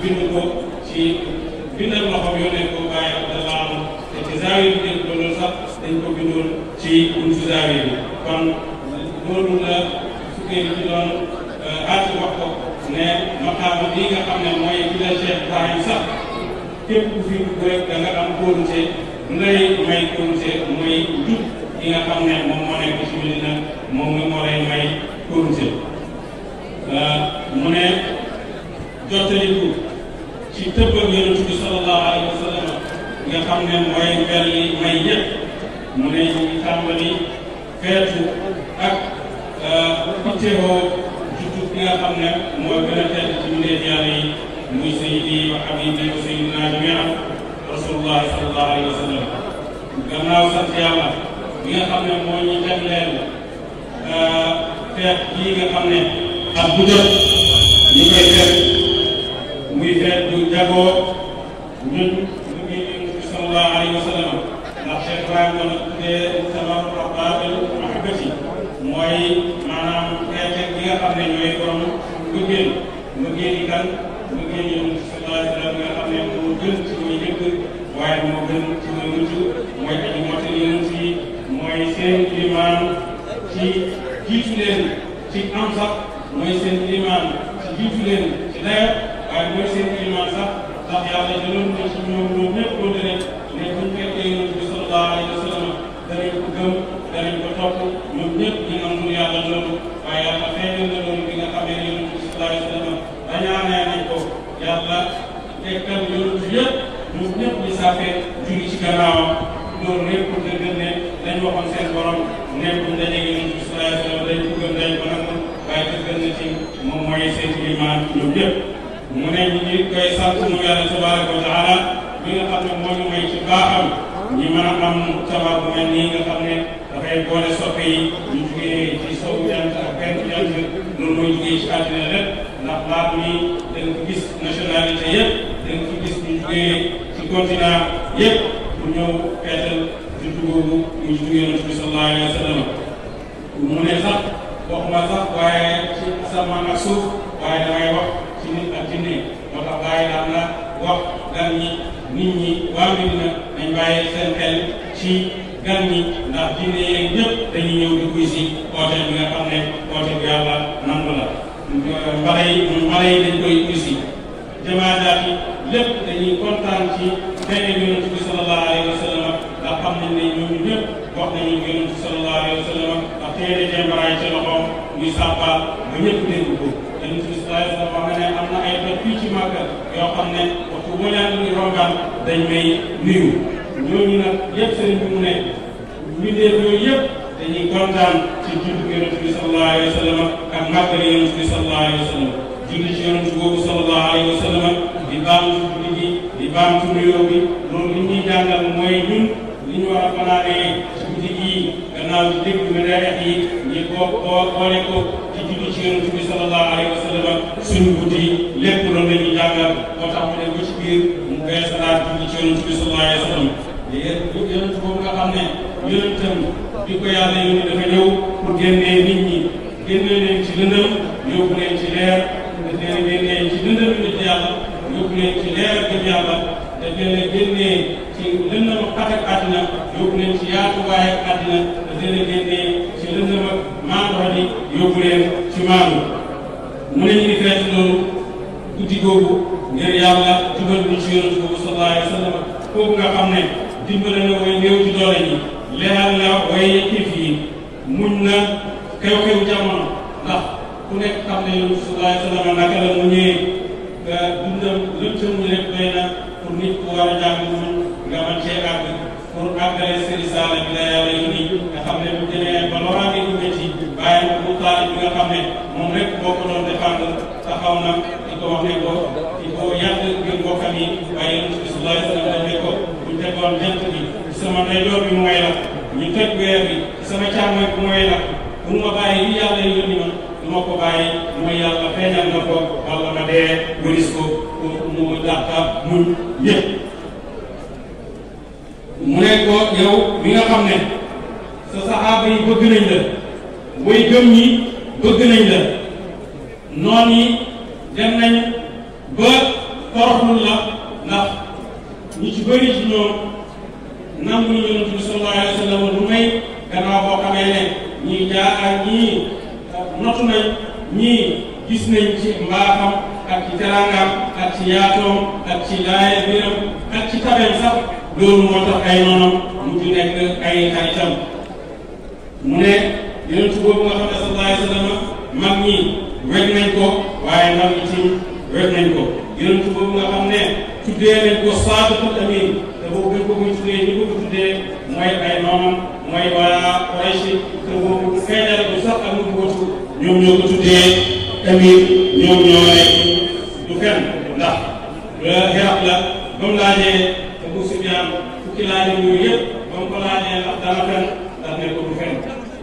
bind ko ci bindal loxoom yónnee ko bàyyi Abdallah te ci zaawiya bi ngeen ko doon sax ci buntu zaawiya bi kon loolu la fukkee euh, ci doon aati wax ne maqaama bii nga ne mooy bi la Cheikh Ibrahim sax képp ku fi rek da nga am kóolute lay may kóolute mooy jub ki nga xam ne moom moo nekk suñu na moom moo lay may korité euh, mu ne jottaliku ci tëbbam yonent bi sallallahu alayhi wa sallam nga xam ne mooy welli may yëpp mu ne ñu ngi tàmbali feetu ak euh, itteewoo juddu bi nga xam ne mooy gën a tedd ci mbindeef yàlla yi muy sayyidi wa habibi wa sayyidina jamii'an rasulullah sallallahu alayhi wa sallam gannaaw sant yàlla bi nga xam ne moo ñu jagleel euh, feet bii nga xam ne ak bu jot ñu koy muy feet jagoo ñun ñu ngi sallallahu alayhi wa sallam ndax Cheikh Ibrahima moo nag tuddee sama robbaatul mahabbati mooy maanaam feet bi nga xam ne ñooy borom mbëggeel mbëggeel yi kan mbëggeel yi sallallahu alayhi wa sallam nga xam ne moo gën ci muy njëkk waaye moo gën ci muy mujj mooy aji mote mooy seen limaan ci jiitu leen ci am sax mooy seen limaan ci jiitu leen ci dayoo waaye mooy seen limaan sax ndax yàlla jëloon na ci ñoom ñoom ñëpp loolu ne ne buñ fekkee yonent bi sallallahu alayhi wa sallam danañ ko gëm danañ ko topp ñoom ñëpp ñu nangu yàlla loolu waaye yàlla feeñal na loolu bi nga xamee ne yonent bi sallallahu alayhi wa sallam dañaanee nañ ko yàlla nekkal yonent yëpp ñoom ñëpp ñu sàppee juri ci gannaawam loolu rek pour lañ waxoon seen borom nekkul daje yéen a salaay salaam dañ ko dañ ko nangu waaye te gën na ci moom mooy seen iman ñoom ñëpp mu ne ñu ngi koy sant mu yàlla tabaraka wa taala bi nga nga xam ne dafay boole soppe yi ñu jugee ci sow jant ak benn jant loolu mooy jugee ci àddina lépp ndax baax mi dañ ko gis nationalité yëpp dañ ko gis ñu jugee ci continent yëpp bu ñëw feetal juddu googu muy juddu yonent bi sallallahu alayhi wa sallam mu ne sax waxuma sax waaye ci asamaan ak suuf waaye damay wax ci nit ak jinne moo jinne yeeg dañuy ñëw di kuy si oote bi nga xam ne oote bi yàlla nangu la mbale yi mbale koy kuy si jamaadaat yi lépp dañuy kontaan ci benn yonent bi sallallahu alayhi wa sallam xam nañ ne ñoom ñëpp wax nañu yonent sallallahu alayhi wa sallam ak téere jembaraay ca loxoom ñu sàppa ba ñëpp dégg ko yonent bi sallallahu alayhi wa sallam wax na ne am na ay doj fii ci màggal yoo xam ne waxtu bu leen di romban dañ may nuyu ñooñu nag yëpp sëriñ bi mu ne mbindeef yooyu yëpp dañuy kontaan ci juddu yonent bi sallallahu alayhi wa sallam ak màggal yonent bi sallallahu alayhi wa sallam julli ci yonent boobu sallallahu alayhi wa sallam di baamtu julli gi di baamtu nuyoo bi loolu li ñuy jàngal mooy ñun li ñu war a fanaanee suuti gi gannaaw déglu madareex yi ñu ko boole ko ci julli ci yonent bi sallallahu alayhi wa sallam suñu guddi lépp loolu la ñuy jàngal moo tax mu dem ba ci biir mu koy salaat julli ci yonent bi sallallahu alayhi wa sallam yonent boobu nga xam ne yonentam bi ko yàlla yónni dafa ñëw pour génnee nit ñi génnee leen ci lëndëm yóbbu leen ci leer génnee leen ci lëndëm nit yàlla yóbbu leen ci leer gëm yàlla daf leen génnee ci lëndëm paxek yóbbu leen ci yaatuwaayek àddina te dina génnee ci lëndëm maandoxa ci maanu mu ne ñu ngi feet loolu guddi googu ngir yàlla jubal ñu ci yonent boobu sallallahu alayhi wa sallam nga xam ne dimbale na way néew ci doole ñi leeral na way xiif yi muñ na xew-xew jamono ndax ku nekk xam ne yonent sallallahu alayhi wa sallam naka la mu ñëwee dundam lëpp sa muñ doy na pour nit war a jàng muñ nga mën cee àgg pour àggale si risaala bi la yàlla yónni nga xam ne bu demee ba loraange ñu ngi ci bàyyi bu taalib bi nga xam ne moom rek boo ko doon défendre taxaw na di ko wax ne ko di ko yàq ngir mbokkam yi waaye yéen ci sallallahu alayhi wa sallam dañ ne ko buñ tegoon jant bi sama ndeyjoor bi mooy la ñu teg weer bi sama càmmoñ bi ma bàyyi li yàlla yónni ma ma ko bàyyi mooy yàlla feeñal na mu dàqa mu ne ko yow nga xam ne sa saxaaba yi bëgg nañ la gëm ñi bëgg nañ noon yi dem nañ ba toroxlul la ndax ñi ci bëri ci ñoom nangu ñu yonent bi sallallahu alayhi sallam lu may gannaaw boo xamee ne ñii jaar ak ñii nañ ñii gis nañ ci mbaaxam ak ci teraangaam ak ci yaatoom ak ci laaya biram ak ci tabeem sax loolu moo tax ay noonam mujj nekk ay xaritam mu ne yonent boobu nga xam ne sallallahu alayhi wa mag ñi wér nañ ko waaye mag ñi ci wér nañ ko yonent boobu nga xam ne tuddee nañ ko saadatul amin te boobu gën ko muy tuddee ñi ko ko tuddee mooy ay noonam mooy waa Quraysh te boobu kay dara du sax amul mbootu ñoom ñoo ko tuddee amin ñoom ñoo nekk du fenn ndax euh, Hiraqla ba mu laajee Abu Sufyaan fukki laaj yooyu yëpp ba mu ko laajee ndax dana fen ndax fen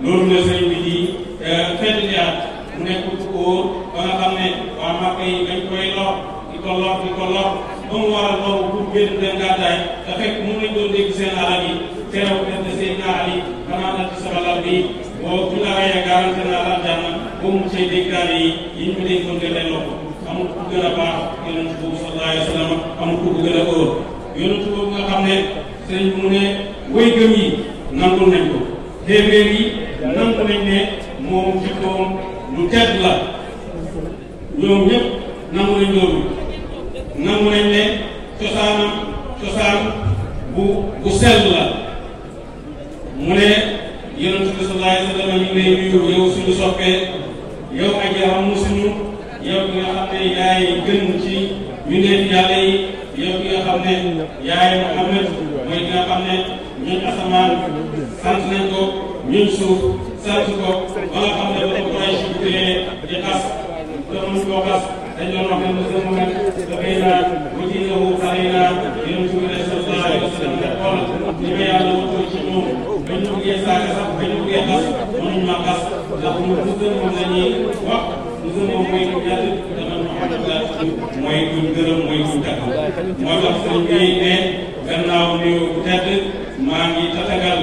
loolu la sëñ bi di euh, fetliyaat mu nekkul ku óor ba nga xam ne waa Màkka yi dañ koy lox di ko lox di ko lox ba mu waral loolu pour génn dem gàddaay te fekk mu nañ doon dégg seen alal yi teew def na seen naari danaa def sama lal bi boo ci lawee garanti naa la jànna boo mu cay déggaane yi yi ñu ko déggoon nga delloo ko amul ku gën a baax yonent boobu sallallahu alayhi wa sallam amul ku gën a óor yonent boobu nga xam ne sëriñ mu ne way gëm yi nangul nañ ko téeméer yi nangu nañ ne moom jikkoom lu tedd la ñoom ñëpp nangu nañ loolu nangu nañ ne cosaanam cosaan bu bu sell la mu ne yonent bi sallallahu alayhi wa sallam ñu ngi lay nuyu yow suñu soppee yow aji am suñu yow nga xam ne yaay gën ci ñu nekk yàlla yi yow ki nga ne yaay Muhammad mooy ki nga ne ñun asamaan sant nañ ko ñun suuf sant ko ba nga xam ne ba Quraysh bu tee di xas te mënu koo xas dañ doon wax ne monsieur Mouhamed dafay naan bu ci ñëw xale naa yéen suuf ne sallallahu alayhi wa sallam nga xool li ma yàlla wutoo ci ñoom ba ñu buggee saaga sax ba ñu buggee xas mënuñ ma xas ndax mu monsieur moom la ñuy wax monsieur moom mooy ko yàlla mooy ku gërëm mooy ku tagg moo tax sëñ bi ne gannaaw néew tedd maa ngi tatagal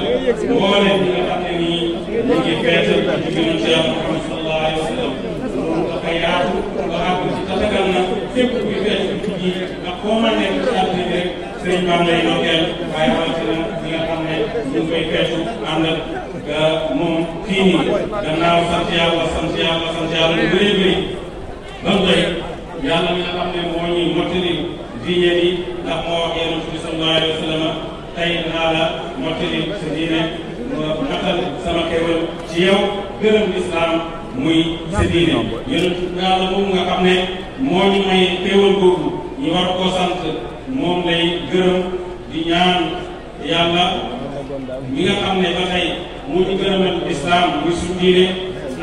boole ñi nga xam ne nii ñu ngi feetal ci gënam Cheikh Mouhamed sallallahu alayhi wa sallam loolu dafa yaatu ba àgg ci tatagal na fépp kuy feet ci ak foo mën nekk ci àddina bi rek sëriñ baa ngi lay nokkeel waaye rawatina ñi nga xam ne ñu ngi koy feetu ànd ak euh, moom fii nii gannaaw sant yàlla sant yàlla sant yàlla lu bëri bëri ba mu doy yàlla mi nga xam ne moo ñuy mottali diine ndax moo wax yonent bi wa sallam tey naa la mottali sa diine matal sama xéwal ci yow gërëm lislaam muy sa diine yonent yàlla boobu nga xam ne moo may xéwal googu ñu war koo sant moom lay gërëm di ñaan yàlla mi nga xam ne ba tey mu ñu gërëmal lislaam muy suñu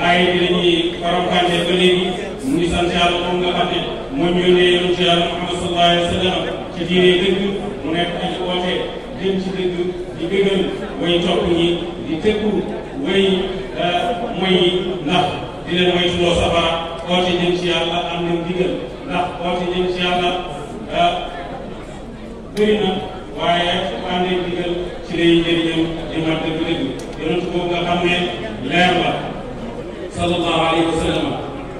ay di la ñuy faram-fàccee ba léegi ñu ngi sant yàlla nga xam ne moo ñu yónnee yonent yàlla Muhammad sallallahu alayhi wa sallam ci diine dëgg mu nekk ay woote jëm ci dëgg di dëggal way topp ñi di tëkku way eh, mooy ndax di leen moytuloo safara oote jëm ci yàlla am nañ digal ndax oote jëm ci yàlla eh, bëri na waaye am nañ digal ci lay njëriñam di mat dëgg-dëgg yonent boobu nga xam ne leer la sallallahu alayhi wa sallam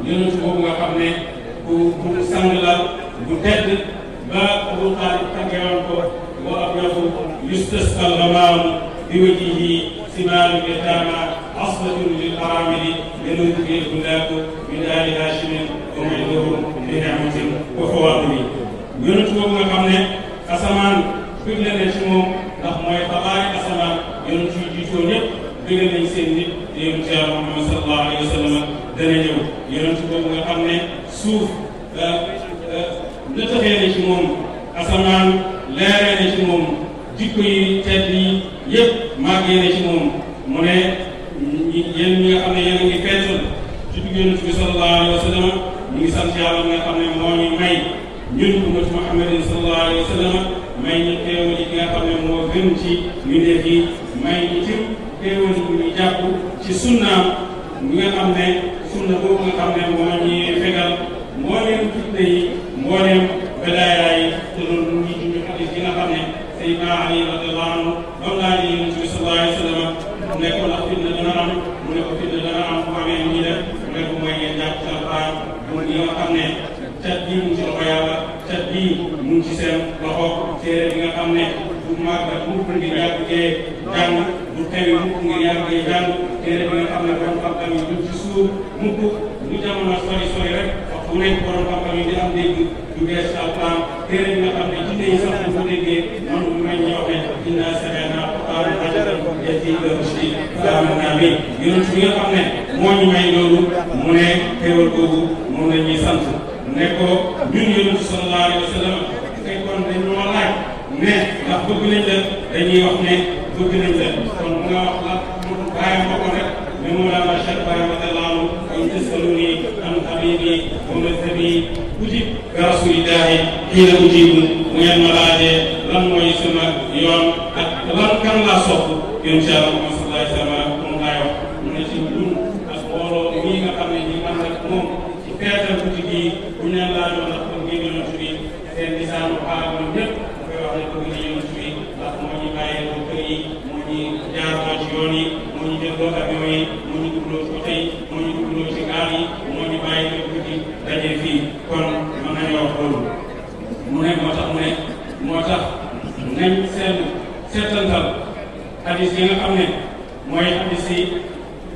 yonent boobu nga xam ne ku ku sang la bu tedd ba Abu Taalib tàggeewoon wa abrahu yustasqa al-ghamam bi wajhihi simaarul yataama asbatun lil aramili yanuudu bihi al-bulaaku min aali haashimin wa mu'iduhum bi ni'matin wa fawaadili yonent boobu xam ne asamaan bëgg na ne ci moom ndax mooy xabaari asamaan yonent yi jiitoon ñëpp bëgg nañ seen nit di sallallahu alayhi wa dana ñëw yonent boobu nga xam ne suuf euh, euh, lëtëxee na ci moom asamaan leeree na ci moom jikko yi tedd yi yëpp ci moom mu ne yéen ñi ngi feetal ci dugg nga xam ne moo ñu may ñun ummatu Muhammadin sallallahu alayhi wa sallam may ñu teewal yi nga xam ne moo gën ci mbindeef yi may ñu tim teewal ñu jàpp ci sunnaam mi nga xam ne sunna boobu nga xam ne moo ñuy fegal mbooleem fitna yi mbooleem balaaya yi te loolu mu ngi ñu xadis yi nga xam ne Seydina Ali radiyallahu anhu ba mu laajee Yonent bi sallallahu alayhi wa sallam ne ko ndax fitna dana am mu ne ko fitna dana am bu amee ñu def mu ne ko mooy ngeen jàpp ci alxuraan mu ne nga xam ne cat bii mu ngi ci loxo yàlla cat bii mu ngi ci seen loxo téere bi nga xam ne bu màggat mu ngi jàpp jàng bu tewi mu ngi jàpp jàng téere ba nga xam ne borom xam-xam yi du ci suuf mukk du jamono sori sori rek wax bu nekk borom xam-xam yi di am dégg du bees alquran téere bi nga xam ne jinne yi sax bu ko déggee man bu may ñoo xam ne dinaa seqee naa ko xaaru xaaral def ci lëb si daanu naa bi yonent bi nga xam ne moo ñu may loolu mu ne teewal boobu moom la ñuy sant ne ko ñun yonent sallallahu alayhi wa sallam fekkoon dañ ñoo laaj ne ndax bëgg nañ la dañuy wax ne bëgg nañ la kon mu nga إبراهيم وقرأ لمولانا الشيخ إبراهيم رضي الله عنه وإن تسألوني عن حبيبي ومذهبي أجيب برسول الله حين أجيب وين مراجع لم يوم كان لا صوت يوم mbokkam yooyu moo ñu dugloo ci tey moo ñu dugloo ci gaal yi moo ñu bàyyi ñu guddi daje fii kon mën nañu wax loolu mu ne moo tax mu ne moo tax nañ seen seetantal hadis yi nga xam ne mooy hadis yi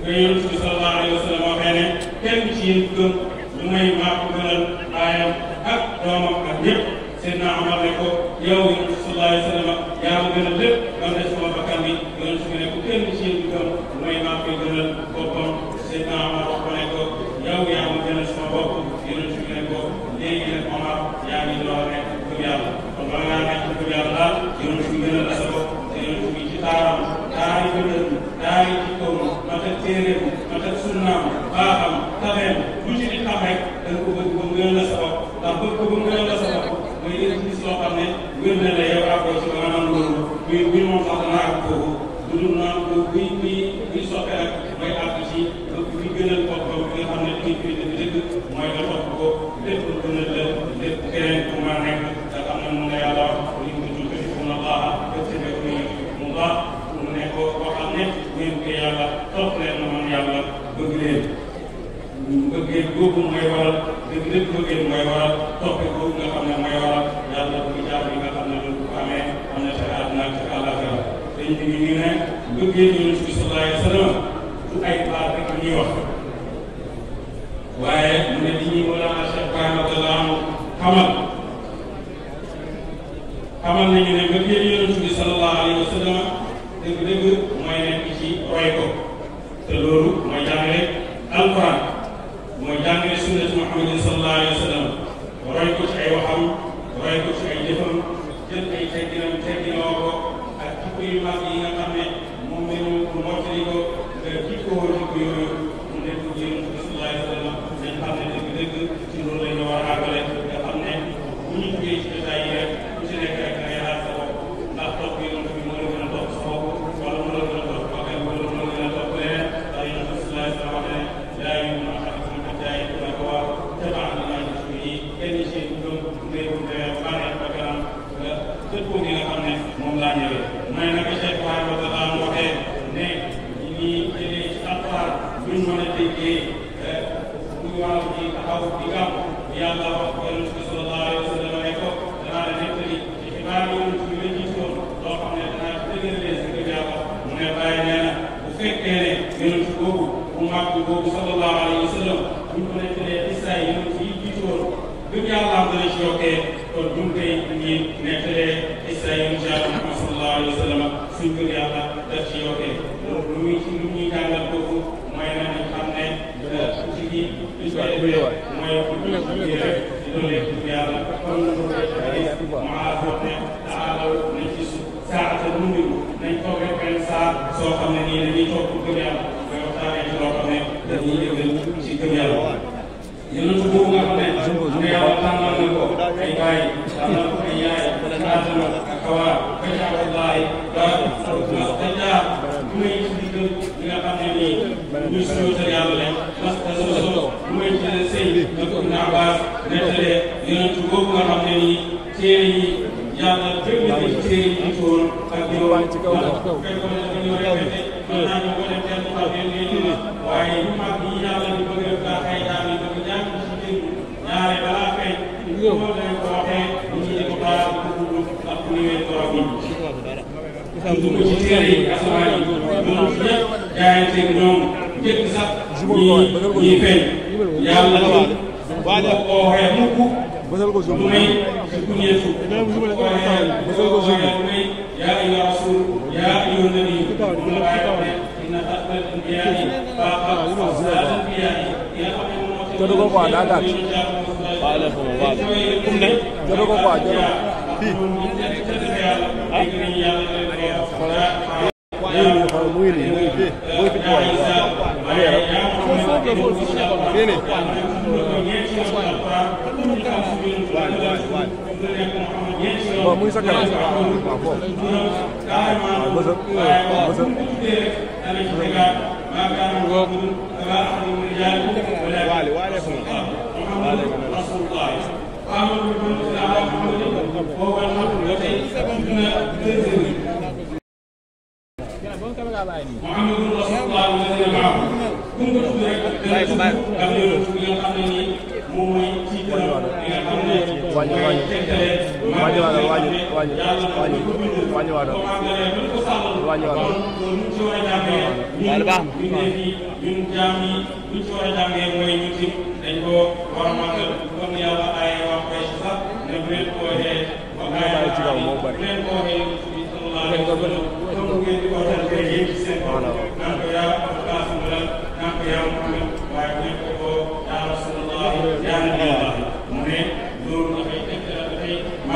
nga yonent bi sallallahu alayhi wa sallam waxee ne kenn ci yéen gëm lu may maa ko gënal baayam ak doomam ak ñëpp Seydina Omar ne ko yow yonent bi sallallahu alayhi wa sallam yaa ma gënal lépp ba mu des sama bakkan bi yonent bi ne ko kenn ci yéen gëm ko jural boppam mooy nga topp ko lépp gënal la a na mun na yàlla wax ni mu tudd ko mun na baax def ci mbir mi mu baax mu ne ko koo xam ne ngeen ko yàlla topp leen na man yàlla bëgg leen bëggee googu mooy waral dëgg lépp bëggee mooy waral toppi googu nga xam ne mooy waral yàlla bu jaar yi nga xam ne loolu bu amee am na ca àdduna ak ca àllaaxira dañ bi ñu ne bëggee ñu ne sallallahu alayhi wa sallam du ay baat rek ñuy wax xamal xamal nañu ne nga yonent bi sallallahu alayhi wa sallam dëgg-dëgg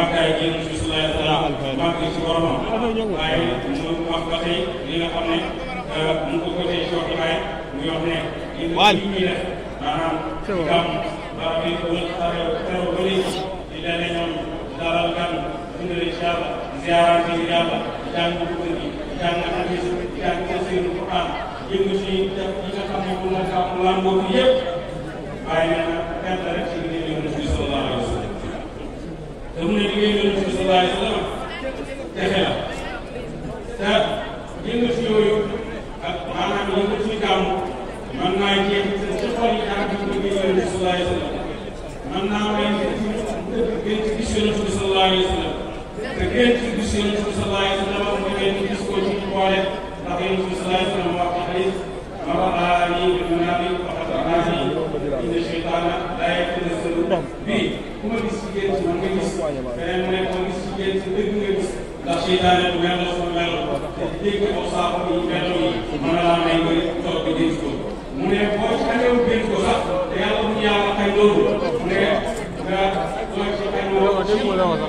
màggaay gi yonent bi sallallahu alayhi wa sallam màgg ci boromam waaye mu wax ba tey li nga xam ne euh, mu ko ko tey jox waaye mu wax ne li ñuy def maanaam gàmm ba bi teew ba léegi di dale ñoom dalal gan dundale ci yàlla ziarante yi yàlla jàng dugg gi jàng hadis jàng tafsir Quran yëngu ci yi nga xam ne bu moom sax mu làmboo fi yëpp waaye nee na benn rek dama ne liggéey yonent bi sallallahu alayhi wa sallam texe la te génn si yooyu ak maanaam la nga ciy gàmm mën naa jeex ci xol yi ak liggéey yonent bi sallallahu alayhi wa sallam mën naa may gént gis yonent bi sallallahu alayhi wa sallam te gént gis yonent bi sallallahu alayhi wa sallam mooy gént gis ko ci boole ndax yonent bi sallallahu alayhi wa sallam wax ci xarit ma wax aa lii bi mu naa bi waxat naa si inna cheytaana laa yekk beneen mu ne kon gis ngeen si dëgg nga gis ndax seytaane bu mel la sama mel la te dégg aw saako yi melo yi mën na laa may nga toog di denc ko mu ne boo ci andewu denc ko sax te yàlla bu ñu yàlla xañ loolu mu ne nga doy ci xañ loolu ci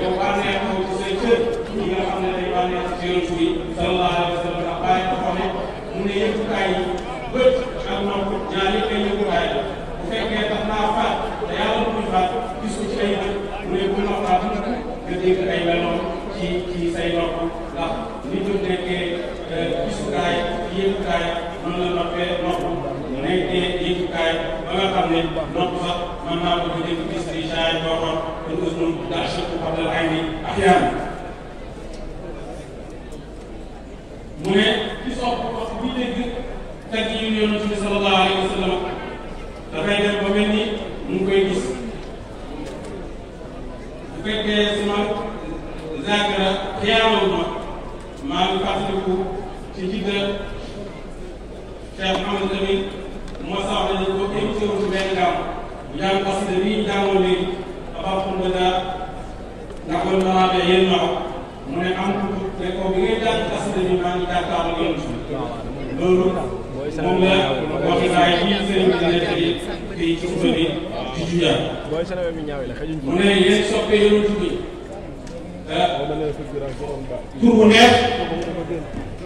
yow bànneex ko ci say cër yi nga xam ne day bànneex ci yoon suy sallallahu alayhi wa sallam ndax bàyyi ko xam ne mu ne yëngukaay yi bët ak nopp ñaar yëpp ay yëngukaay la bu fekkee tax naa faat te yàlla bu ñu faat gis ko ci ay x a dégg ay w e l o o ci ci say nopp ndax ni ñu nekkee gisukaay yéegukaay noonu la noppee nopp nekkee yéegukaay ba nga xam ne nopp sax mën naa ko dégg gis di jaay boo xam dañ ko suñu daa si ko xam ay ni ak yaan mu ne ci sopp wax bu dégg tagg yu yonent i sallallahu alayhi wa sallam dafay dem ba mel ni mu ngi koy gis fekkee suma zakara xiyaaroon na maa ngi fàttaliku ci jidda Cheikh Ahmad Amin moo sax nañu ko émission ci benn gàmm bu jàng xasida bi ñu jàngoon léegi dafa xam ne daa ndaxoon naa ne yéen na ko mu ne am ku ne ko bi ngay jàng xasida bi maa ngi jàkkaar ak yéen loolu moom la waxi naa yi sëriñ bi nekk fii ci suba bi di Juda. mu ne yéen soppe yonent bi ah tur bu neex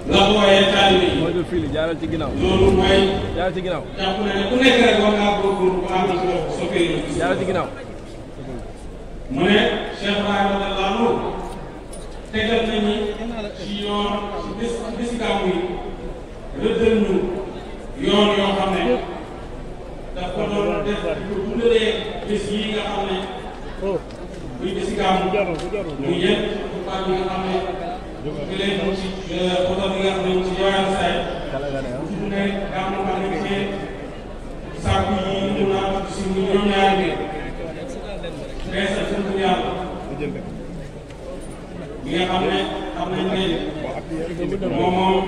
la ko waaye taalibe yi loolu mooy jàpp na ne ku nekk rek war ngaa góorgóorlu ba am na soppe yonent bi mu ne Cheikh Ibrahima radiyallaahu anhu tegal nañu ci yoon ci bis bis gàmmu yi yoon yoo xam ne. daf ko doon def pour dundalee bés yi nga xam ne. muy bési gàmmu. muy yëpp pour bàq bi nga xam ne. bu leen mu ci euh, oto bi nga xam mu ci yooyal saay. bu ci ne gàmmu xam ne ci sàkku yi ñu mun a si ñoom ñaari bi. mais sa sant yàlla. bi nga xam ne xam nañ ne moom moom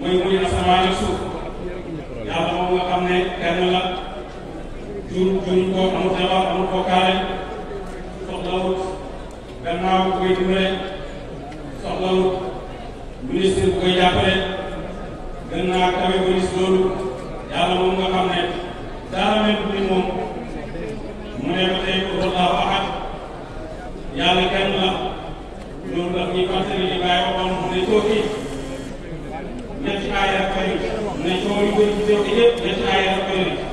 mooy muy asamaan ak yàlla moom nga xam ne kenn la jur juruñ ko amul jabar amul bokkaale soxlawut gannaaw bu koy dimbale soxlawut ministre bu koy jàppale gën naa kawe ko gis loolu yàlla moom nga xam ne dara mel ni moom mu ne ba tey wallahu ahad yàlla kenn la loolu daf ñuy fàttali li bàyyi waxoon mu ne tooki ñetti aaya ak ne coono góor gi teew gi yëpp dañ ci aayal ak